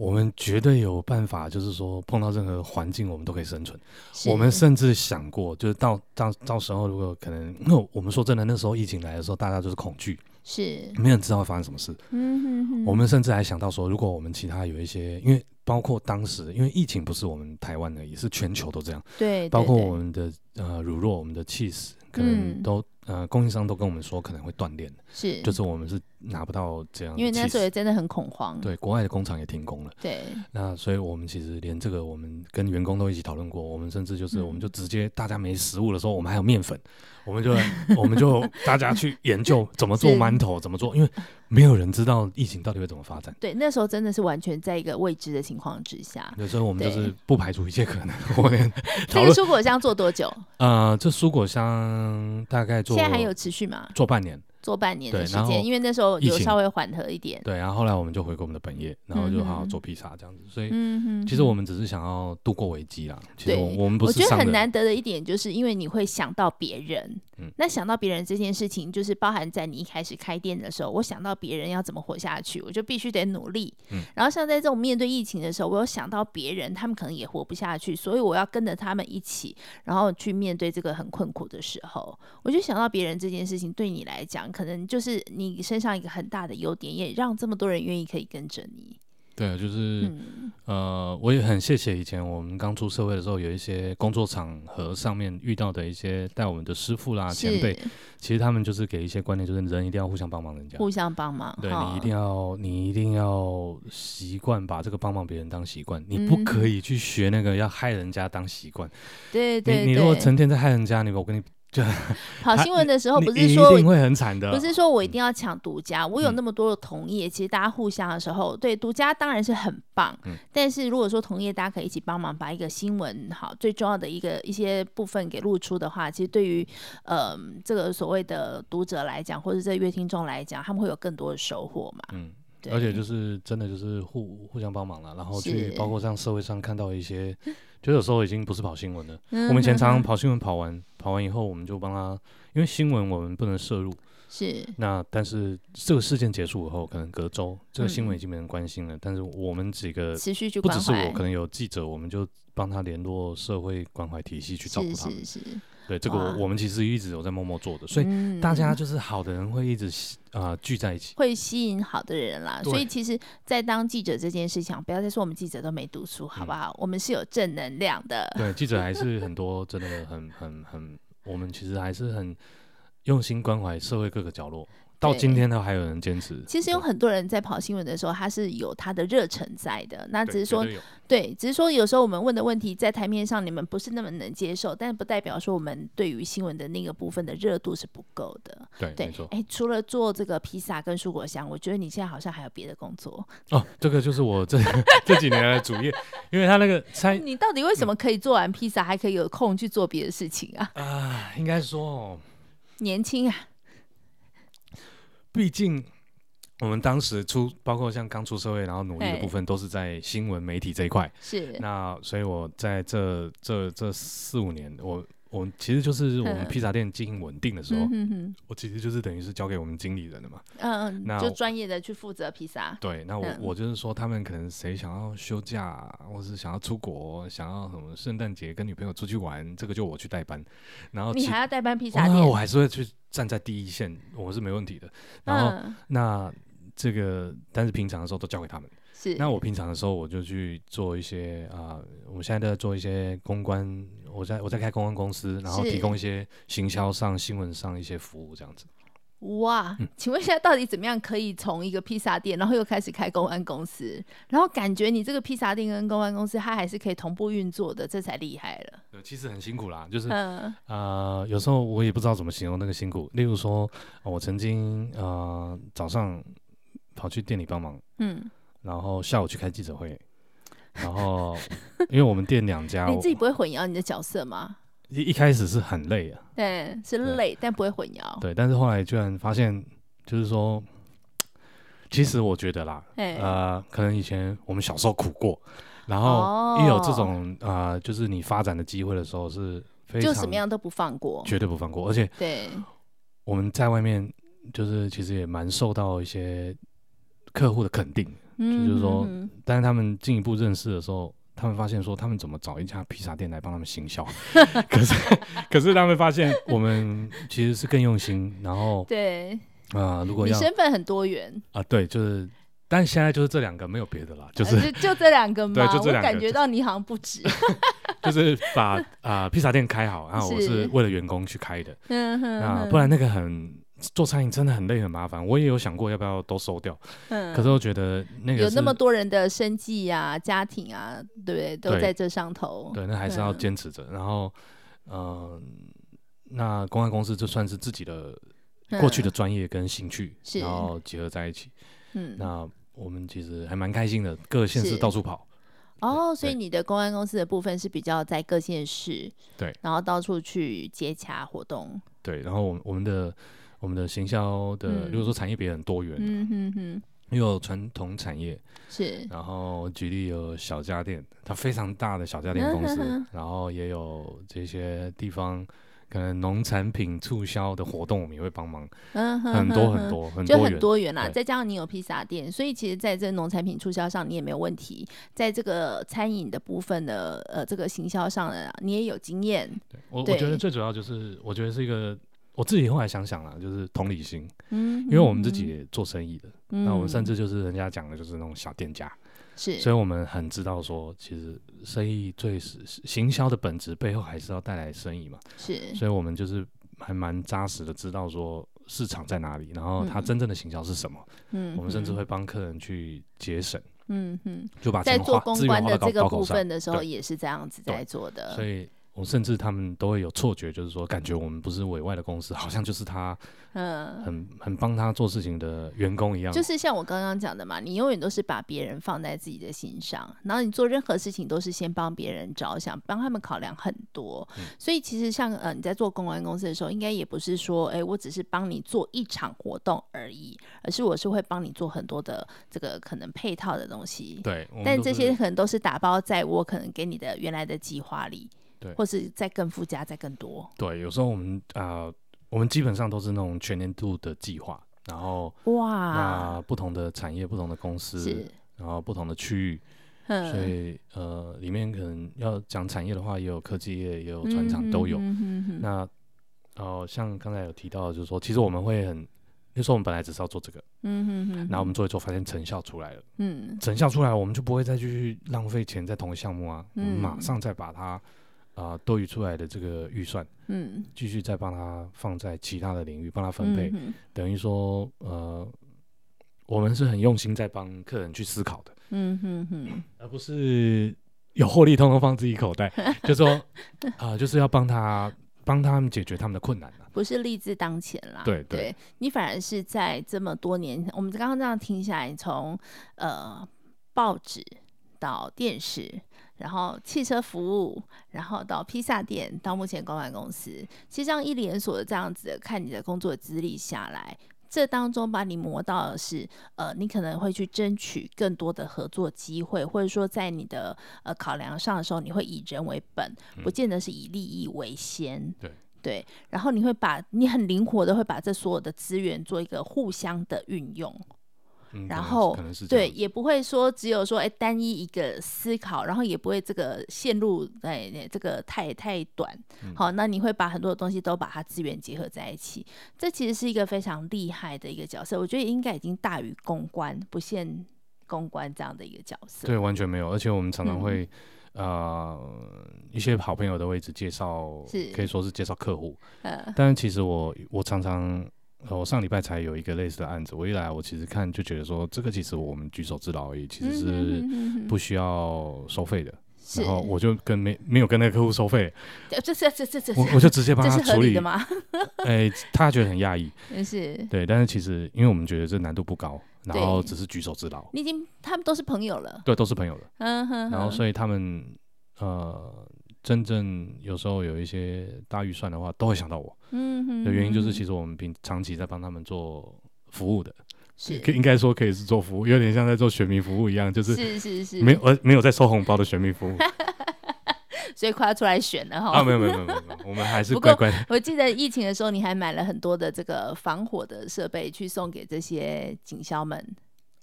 Speaker 2: 我們絕對有辦法，就是說碰到任何環境，我們都可以生存。我們甚至想過就，就是到到到時候，如果可能，那、嗯、我們說真的，那時候疫情來的時候，大家就是恐懼，
Speaker 3: 是沒
Speaker 2: 人知道會發生什麼事。嗯
Speaker 3: 哼哼，我
Speaker 2: 們甚至還想到說，如果我們其他有一些，因為包括當時，因為疫情不是我們台灣而已，是全球都這樣。
Speaker 1: 對，對，對，包括我
Speaker 2: 們的呃，乳酪，我們的起司可能都。嗯呃，供應商都跟我們說可能會斷鏈，是就是我們是拿不到這樣，因為那時候也
Speaker 1: 真的很恐慌。
Speaker 2: 對，國外的工廠也停工
Speaker 1: 了。對，
Speaker 2: 那所以我們其實連這個我們跟員工都一起討論過。我們甚至就是我們就直接大家沒食物的時候，我們還有麵粉、嗯，我們就 我們就大家去研究怎麼做饅頭，怎麼做，因為沒有人知道疫情到底會怎麼發展。
Speaker 1: 對，那時候真的是完全在一個未知的情況之下。對，
Speaker 2: 所以我們就是不排除一切可能。那 、
Speaker 1: 這個蔬果箱做多久？
Speaker 2: 呃，這蔬果箱大概。現在還有持續嗎？做半年。做半年的時間，因為那時候有稍微緩和一點。對，然後後來我們就回歸我們的本業，然後就好好做披薩這樣子。嗯、所以、嗯，其實我們只是想要度過危機啦。其實我們不是。我覺得很難
Speaker 1: 得的一點，就是因為你會想到別人。嗯。那想到別人這件事情，就是包含在你一開始開店的時候，我想到別人要怎麼活下去，我就必須得努力。嗯。然後像在這種面對疫情的時候，我有想到別人，他們可能也活不下去，所以我要跟着他們一起，然後去面對這個很困苦的時候，我就想到別人這件事情，對你來講。可能就是你身上一個很大的優點，也讓這麼多人願意可以跟着你。
Speaker 2: 對，就是、嗯、呃，我也很謝謝以前我們剛出社會的時候，有一些工作場合上面遇到的一些帶我們的師傅啦、前輩，其實他們就是給一些觀念，就是人一定要互相幫忙，人
Speaker 1: 家互相幫忙。對，你一
Speaker 2: 定要，你一定要習慣把這個幫忙別人當習慣、嗯，你不可以去學那個要害人家當習慣。
Speaker 1: 對對，對對，你你如果成
Speaker 2: 天在害人家，你我跟你。就
Speaker 1: 跑新聞的時候，不是說你你一定會很慘的，不是說我一定要搶獨家、嗯。我有那麼多的同業、嗯，其實大家互相的時候，對獨家當然是很棒、嗯。但是如果說同業大家可以一起幫忙把一個新聞，好最重要的一個一些部分給露出的話，其實對於呃這個所謂的讀者來講，或者在閱聽眾來講，他們會有更多的收穫嘛。嗯對，而且
Speaker 2: 就是真的就是互互相幫忙了，然後去包括像社會上看到一些，是就有時候已經不是跑新聞了。 我們前常跑新聞跑完。 跑完以後，我們就幫他，因為新聞我們不能涉入，
Speaker 3: 是。
Speaker 2: 那但是這個事件結束以後，可能隔周這個新聞已經沒人關心了。嗯、但是我們幾個持續去關懷，不只是我，可能有記者，我們就幫他聯絡社會關懷體系去照顧他。是是是，是。對這個，我們其實一直有在默默做的，所以大家就是好的人會一直啊、嗯呃、聚在一起，
Speaker 1: 會吸引好的人啦。所以其實，在當記者這件事情，不要再說我們記者都沒讀書，好不好？嗯、我們是有正能量的。
Speaker 2: 對，記者還是很多。 真的很、很、很，我們其實還是很用心關懷社會各個角落。到今天都還有人堅持。
Speaker 1: 其實有很多人在跑新聞的時候，他是有他的熱忱在的。那只是說，對，對，只是說有時候我們問的問題在台面上，你們不是那麼能接受，但不代表說我們對於新聞的那個部分的熱度是不夠的。對，對沒錯。哎、欸，除了做這個披薩跟蔬果香，我覺得你現在好像還有別的工作。
Speaker 2: 哦，這個就是我這 這幾年的主業， 因為他那個餐。
Speaker 1: 你到底為什麼可以做完披薩、嗯，還可以有空去做別的事情啊？
Speaker 2: 呃、啊，應該說哦，
Speaker 1: 年輕啊。
Speaker 2: 畢竟，我們當時出，包括像剛出社會，然後努力的部分，都是在新聞媒體這一塊。
Speaker 3: 是那，
Speaker 2: 所以我在這這這四五年，我我其實就是我們披薩店經營穩定的時候，我其實就是等於是交給我們經理人的嘛。嗯
Speaker 1: 嗯。那就專業的去負責披薩。
Speaker 2: 對，那我、嗯、我就是說，他們可能誰想要休假，或是想要出國，想要什麼聖誕節跟女朋友出去玩，這個就我去代班。然後你還要代班披薩店，我還是會去。站在第一線，我是沒問題的。然後、嗯、那這個，但是平常的時候都交給他們。是，那我平常的時候我就去做一些啊、呃，我現在在做一些公關，我在我在開公關公司，然後提供一些行銷上、行銷上、新聞上一些服務，這樣子。
Speaker 1: 哇、嗯，請問一下，到底怎麼樣可以從一個披薩店，然後又開始開公關公司，然後感覺你這個披薩店跟公關公司，它還是可以同步運作的，這才厲害了。
Speaker 2: 對，其實很辛苦啦，就是啊、呃呃，有時候我也不知道怎麼形容那個辛苦。例如說，我曾經啊、呃、早上跑去店裡幫忙，嗯，然後下午去開記者會，然後 因為我們店兩家，你自
Speaker 1: 己不會混淆你的角色嗎？
Speaker 2: 一一開始是很累的，啊，
Speaker 1: 對，是累，但不會混淆。
Speaker 2: 對，但是後來居然發現，就是說，其實我覺得啦、欸，呃，可能以前我們小時候苦過，然後一有這種啊、哦呃，就是你發展的機會的時候，是非常，就什麼樣
Speaker 1: 都不放過，絕對不
Speaker 2: 放過。而且，對，我們在外面就是其實也蠻受到一些客戶的肯定，嗯，就
Speaker 1: 是、就是說，
Speaker 2: 但是他們進一步認識的時候。他們發現說，他們怎麼找一家披薩店來幫他們行銷？ 可是，可是他們發現我們其實是更用心。然後，對啊、呃，如果要你身份
Speaker 1: 很多元
Speaker 2: 啊、呃，對，就是，但現在就是這兩個沒有別的啦，就是、呃、就，就這兩個嗎？對，就這兩個，我感覺
Speaker 1: 到你好像不止，
Speaker 2: 就是把啊、呃、披薩店開好，然後我是為了員工去開的啊， 不然那個很。做餐飲真的很累很麻煩，我也有想過要不要都收掉，
Speaker 1: 嗯、可是我
Speaker 2: 覺得那個有那麼
Speaker 1: 多人的生計呀、啊、家庭啊，對不對？對都在這上頭，對，那還是要堅
Speaker 2: 持着、啊。然後，嗯、呃，那公關公司就算是自己的過去的專業跟興趣、嗯，然後結合在一起，嗯，那我們其實還蠻開心的，各縣市到處跑。
Speaker 1: 哦，所以你的公關公司的部分是比較在各縣市，對，然後到處去接洽活動，
Speaker 2: 對，然後我們我們的。我們的行銷的，嗯、如果說產業別很多元，嗯
Speaker 1: 哼
Speaker 2: 哼，又有傳統產業，
Speaker 1: 是，然
Speaker 2: 後舉例有小家電，它非常大的小家電公司，嗯、哼哼然後也有這些地方，可能農產品促銷的活動，我們也會幫忙，嗯哼,哼,哼，很多很多，嗯、哼哼很多就很多元
Speaker 1: 啦。再加上你有披薩店，所以其實在這農產品促銷上你也沒有問題，在這個餐飲的部分的呃這個行銷上呢，你也有經驗。
Speaker 2: 我對我覺得最主要就是，我覺得是一個。我自己後來想想啦，就是同理心，嗯，
Speaker 1: 因為我們
Speaker 2: 自己也做生意的，那、嗯、我們甚至就是人家講的，就是那種小店家，是，所以我們很知道說，其實生意最行銷的本質背後還是要帶來生意嘛，
Speaker 3: 是，所以
Speaker 2: 我們就是還蠻扎實的知道說市場在
Speaker 1: 哪裡，然後它
Speaker 2: 真正的行銷是什麼，嗯，我們甚至會幫客人去節省，嗯嗯，就把錢花在做公關的這個部分的時候
Speaker 1: 也是這樣子在做的，所
Speaker 2: 以。甚至他們都會有錯覺，就是說，感覺我們不是委外的公司，好像就是他，
Speaker 1: 嗯，很
Speaker 2: 很幫他做事情的員工一樣。就是
Speaker 1: 像我剛剛講的嘛，你永遠都是把別人放在自己的心上，然後你做任何事情都是先幫別人着想，幫他們考量很多。嗯、所以其實像呃，你在做公關公司的時候，應該也不是說，哎、欸，我只是幫你做一場活動而已，而是我是會幫你做很多的這個可能配套的東西。
Speaker 2: 對，但這些可
Speaker 1: 能都是打包在我可能給你的原來的計劃裡。對，或是再更附加，再更多。
Speaker 2: 對，有時候我們啊、呃，我們基本上都是那種全年度的計劃，然後哇，那不同的產業、不同的公司，然後不同的區域，
Speaker 1: 所以
Speaker 2: 呃，裡面可能要講產業的話，也有科技業，也有船廠，都有。嗯、哼哼哼哼，那然後、呃、像剛才有提到，就是說，其實我們會很那時候我們本來只是要做這個，嗯哼
Speaker 3: 哼哼，然後
Speaker 2: 我們做一做，發現成效出來了，嗯，成效出來我們就不會再繼續浪費錢在同一個項目啊，嗯、我們馬上再把它。啊、呃，多餘出來的這個預算，嗯，繼續再幫他放在其他的領域，幫他分配，嗯、等於說，呃，我們是很用心在幫客人去思考的，嗯
Speaker 1: 哼
Speaker 2: 哼，而不是有獲利通通放自己口袋， 就是說啊、呃，就是要幫他幫 他們解決他們的困難、
Speaker 1: 啊、不是利字當前啦，對、對、對、對，你反而是在這麼多年，我們剛剛這樣聽下來，從呃報紙到電視。然後汽車服務，然後到披薩店，到目前公關公司，其實這樣一連鎖的這樣子的，看你的工作資歷下來，這當中把你磨到的是，呃，你可能會去爭取更多的合作機會，或者說在你的呃考量上的時候，你會以人為本，不見得是以利益為先，嗯、對，對，然後你會把你很靈活的會把這所有的資源做一個互相的運用。嗯、然後，對，也不會說只有說哎單一一個思考，然後也不會這個線路哎這個太太短，嗯。好，那你會把很多東西都把它資源結合在一起，這其實是一個非常厲害的一個角色。我覺得應該已經大於公關，不限公關這樣的一個角色。對，完
Speaker 2: 全沒有。而且我們常常會、嗯、呃一些好朋友的位置介紹，是可以說是介紹客戶。呃、嗯，但其實我我常常。呃，我上禮拜才有一個類似的案子，我一來我其實看就覺得說，這個其實我們舉手之勞而已，其實是不需要收費的，嗯哼嗯哼。然後我就跟沒沒有跟那個客戶收費，
Speaker 1: 我我就直接幫他處理的嘛。
Speaker 2: 哎、 欸，他覺得很訝異，
Speaker 1: 是，
Speaker 2: 對，但是其實因為我們覺得這難度不高，然後只是
Speaker 1: 舉手之勞，你已經他們都是朋友了，
Speaker 2: 對，都是朋友了，
Speaker 1: 嗯哼，然後所
Speaker 2: 以他們呃。真正有時候有一些大預算的話，都會想到我。嗯哼，的原因就是其實我們平常期在幫他們做服務的，是可應該說可以是做服務，有點像在做選民服務一樣，就是是是是，沒有沒有在收紅包的選民服務。
Speaker 1: 所以快要出來選了哈。啊沒有沒有沒
Speaker 2: 有，我們還是乖乖的。
Speaker 1: 我記得疫情的時候，你還買了很多的這個防火的設備去送給這些警消們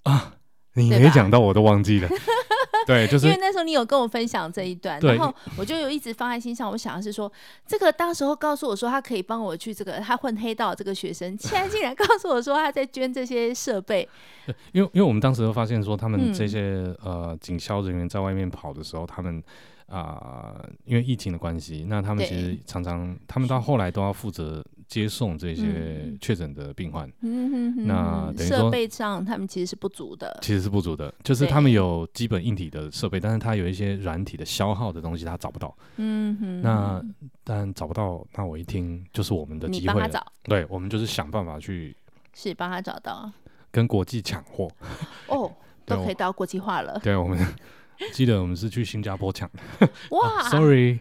Speaker 1: 啊。
Speaker 2: 你沒講到我都忘記了。 對、就是，因
Speaker 1: 為那時候你有跟我分享這一段，然後我就有一直放在心上。我想的是說，這個當時候告訴我說他可以幫我去這個他混黑道這個學生，現在竟然告訴我說他在捐這些設備。
Speaker 2: 因為因為我們當時都發現說他們這些、嗯、呃警消人員在外面跑的時候，他們。啊、呃，因為疫情的關係，那他們其實常常，他們到後來都要負責接送這些確診的病患。
Speaker 1: 嗯，那等於說，設備上他們其實是不足的。
Speaker 2: 其實是不足的，就是他們有基本硬體的設備，但是他有一些軟體的消耗的東西，他找不到。嗯
Speaker 1: 哼。那、
Speaker 2: 嗯、但找不到，那我一聽就是我們的機會了，幫他找。對，我們就是想辦法去。
Speaker 1: 是幫他找到。
Speaker 2: 跟國際搶貨
Speaker 1: 哦，都可以到國際化了。對
Speaker 2: 我們。記得我們是去新加坡搶的， 哇、 啊、！Sorry，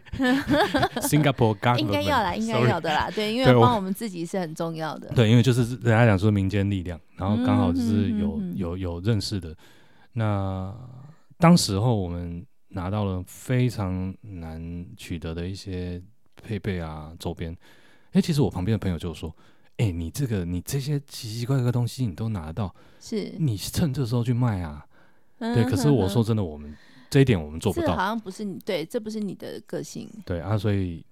Speaker 1: 新加坡應該要啦， 應該要的啦。 對，因為幫我們自己是很重要的。對，
Speaker 2: 對因為就是人家講說民間力量，然後剛好就是有、嗯、哼哼哼哼有有認識的。那當時候我們拿到了非常難取得的一些配備啊、周邊。哎，其實我旁邊的朋友就說：“哎、欸，你這個你這些奇奇怪怪東西，你都拿得到？是你趁這個時候去賣啊、嗯
Speaker 1: 哼哼？”對，可是我說真的，我
Speaker 2: 們。這一點我們做不到。好
Speaker 1: 像不是你。對，這不是你的個性。
Speaker 2: 對啊，所以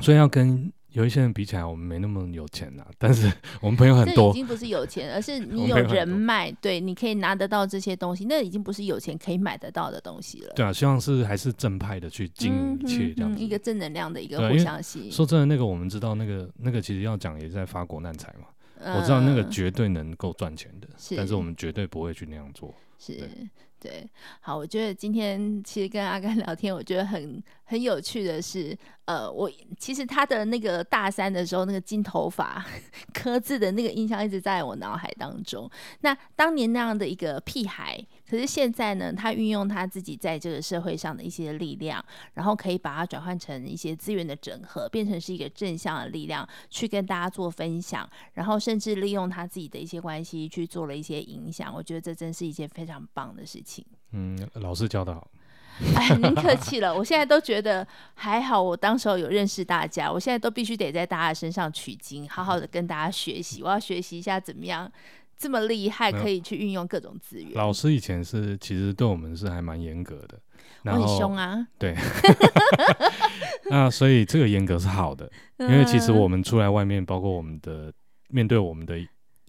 Speaker 2: 所以要跟有一些人比起來，我們沒那麼有錢吶、啊。但是我們朋友很多，已經
Speaker 1: 不是有錢，而是你有人脈， 對，你可以拿得到這些東西。那已經不是有錢可以買得到的東西了。對
Speaker 2: 啊，希望是還是正派的去經營一切這樣、
Speaker 1: 嗯嗯、一個正能量的一個互相吸引。說
Speaker 2: 真的，那個我們知道，那個那個其實要講也是在發國難財嘛、
Speaker 1: 呃。我知道那個
Speaker 2: 絕對能夠賺錢的，但是我們絕對不會去那樣做。
Speaker 1: 是。對，好，我覺得今天其實跟阿甘聊天，我覺得很很有趣的是，呃，我其實他的那個大三的時候，那個金頭髮、刻字的那個印象一直在我腦海當中。那當年那樣的一個屁孩。可是現在呢，他運用他自己在這個社會上的一些力量，然後可以把它轉換成一些資源的整合，變成是一個正向的力量，去跟大家做分享，然後甚至利用他自己的一些關係去做了一些影響。我覺得這真是一件非常棒的事情。
Speaker 2: 嗯，老師教得好， 哎，您客氣
Speaker 1: 了。我現在都覺得還好，我當時候有認識大家，我現在都必須得在大家身上取經，好好的跟大家學習。嗯，我要學習一下怎麼樣這麼厲害，可以去運用各種資源。
Speaker 2: 老師以前是其實對我們是還蠻嚴格的，然後你凶啊？對， 那所以這個嚴格是好的，嗯，因為其實我們出來外面，包括我們的面對我們的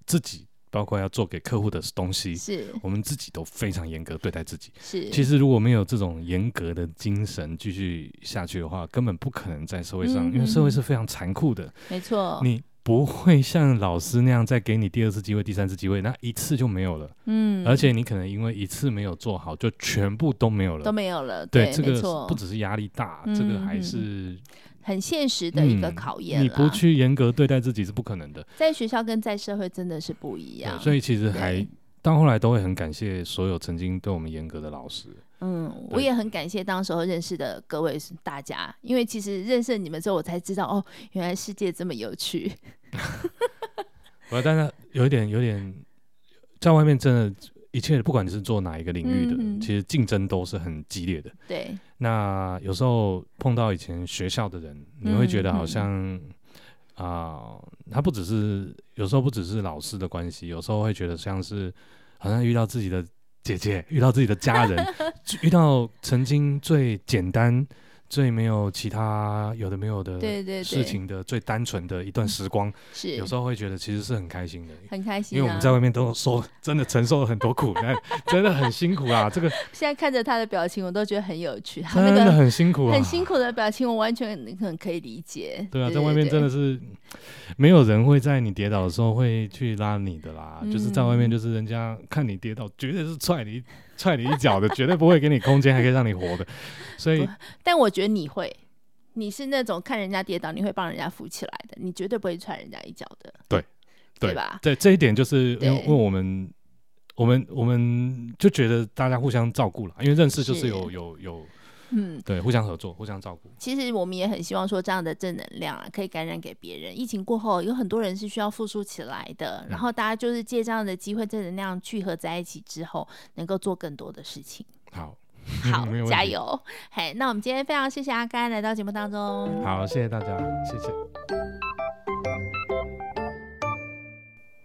Speaker 2: 自己，包括要做給客戶的東西，是我們自己都非常嚴格對待自己。是，其實如果沒有這種嚴格的精神繼續下去的話，根本不可能在社會上，嗯嗯嗯，因為社會是非常殘酷的。
Speaker 1: 沒錯，你。
Speaker 2: 不會像老師那樣再給你第二次機會、第三次機會，那一次就沒有了。嗯，而且你可能因為一次沒有做好，就全部都沒有了，都
Speaker 1: 沒有了。對，對，這個沒錯，不只
Speaker 2: 是壓力大，嗯、這個還是
Speaker 1: 很現實的一個考驗、嗯。你不去
Speaker 2: 嚴格對待自己是不可能的。
Speaker 1: 在學校跟在社會真的是不一樣，所以其實還
Speaker 2: 到後來都會很感謝所有曾經對我們嚴格
Speaker 1: 的老師。嗯，我也很感謝當時候認識的各位大家，因為其實認識了你們之後，我才知道哦，原來世界這麼有趣。
Speaker 2: 我要大家有一點，有點在外面真的，一切不管你是做哪一個領域的，嗯、其實競爭都是很激烈的。對。那有時候碰到以前學校的人，嗯、你會覺得好像啊、嗯呃，他不只是有時候不只是老師的關係，有時候會覺得像是好像遇到自己的。姐姐遇到自己的家人， 遇到曾經最簡單。最沒有其他有的沒有的事情的最單純的一段時光，是有時候會覺得其實是很開心
Speaker 1: 的，很開心。因為我們在外
Speaker 2: 面都受真的承受了很多苦難，很開心啊，真的很辛苦啊。這個
Speaker 1: 現在看着他的表情，我都覺得很有趣啊。真的很
Speaker 2: 辛苦啊，很辛
Speaker 1: 苦的表情，我完全很，很可以理解。對啊對對對對，在外面真的是
Speaker 2: 沒有人會在你跌倒的時候會去拉你的啦，嗯，就是在外面就是人家看你跌倒，絕對是踹你。踹你一腳的，絕對不會給你空間， 還可以讓你活的，所以。
Speaker 1: 但我覺得你會，你是那種看人家跌倒，你會幫人家扶起來的，你絕對不會踹人家一腳的。對，對吧？對，
Speaker 2: 對，這一點就是因為我們，我們，我們就覺得大家互相照顧了，因為認識就是有，是有，有。嗯，對，互相合作，互相照顧。
Speaker 1: 其實我們也很希望說這樣的正能量啊，可以感染給別人。疫情過後，有很多人是需要復甦起來的。然後大家就是借這樣的機會，正能量聚合在一起之後，能夠做更多的事情。嗯、好，好，加油！嘿，那我們今天非常謝謝阿甘來到節目當中。
Speaker 2: 好，謝謝大家，謝謝。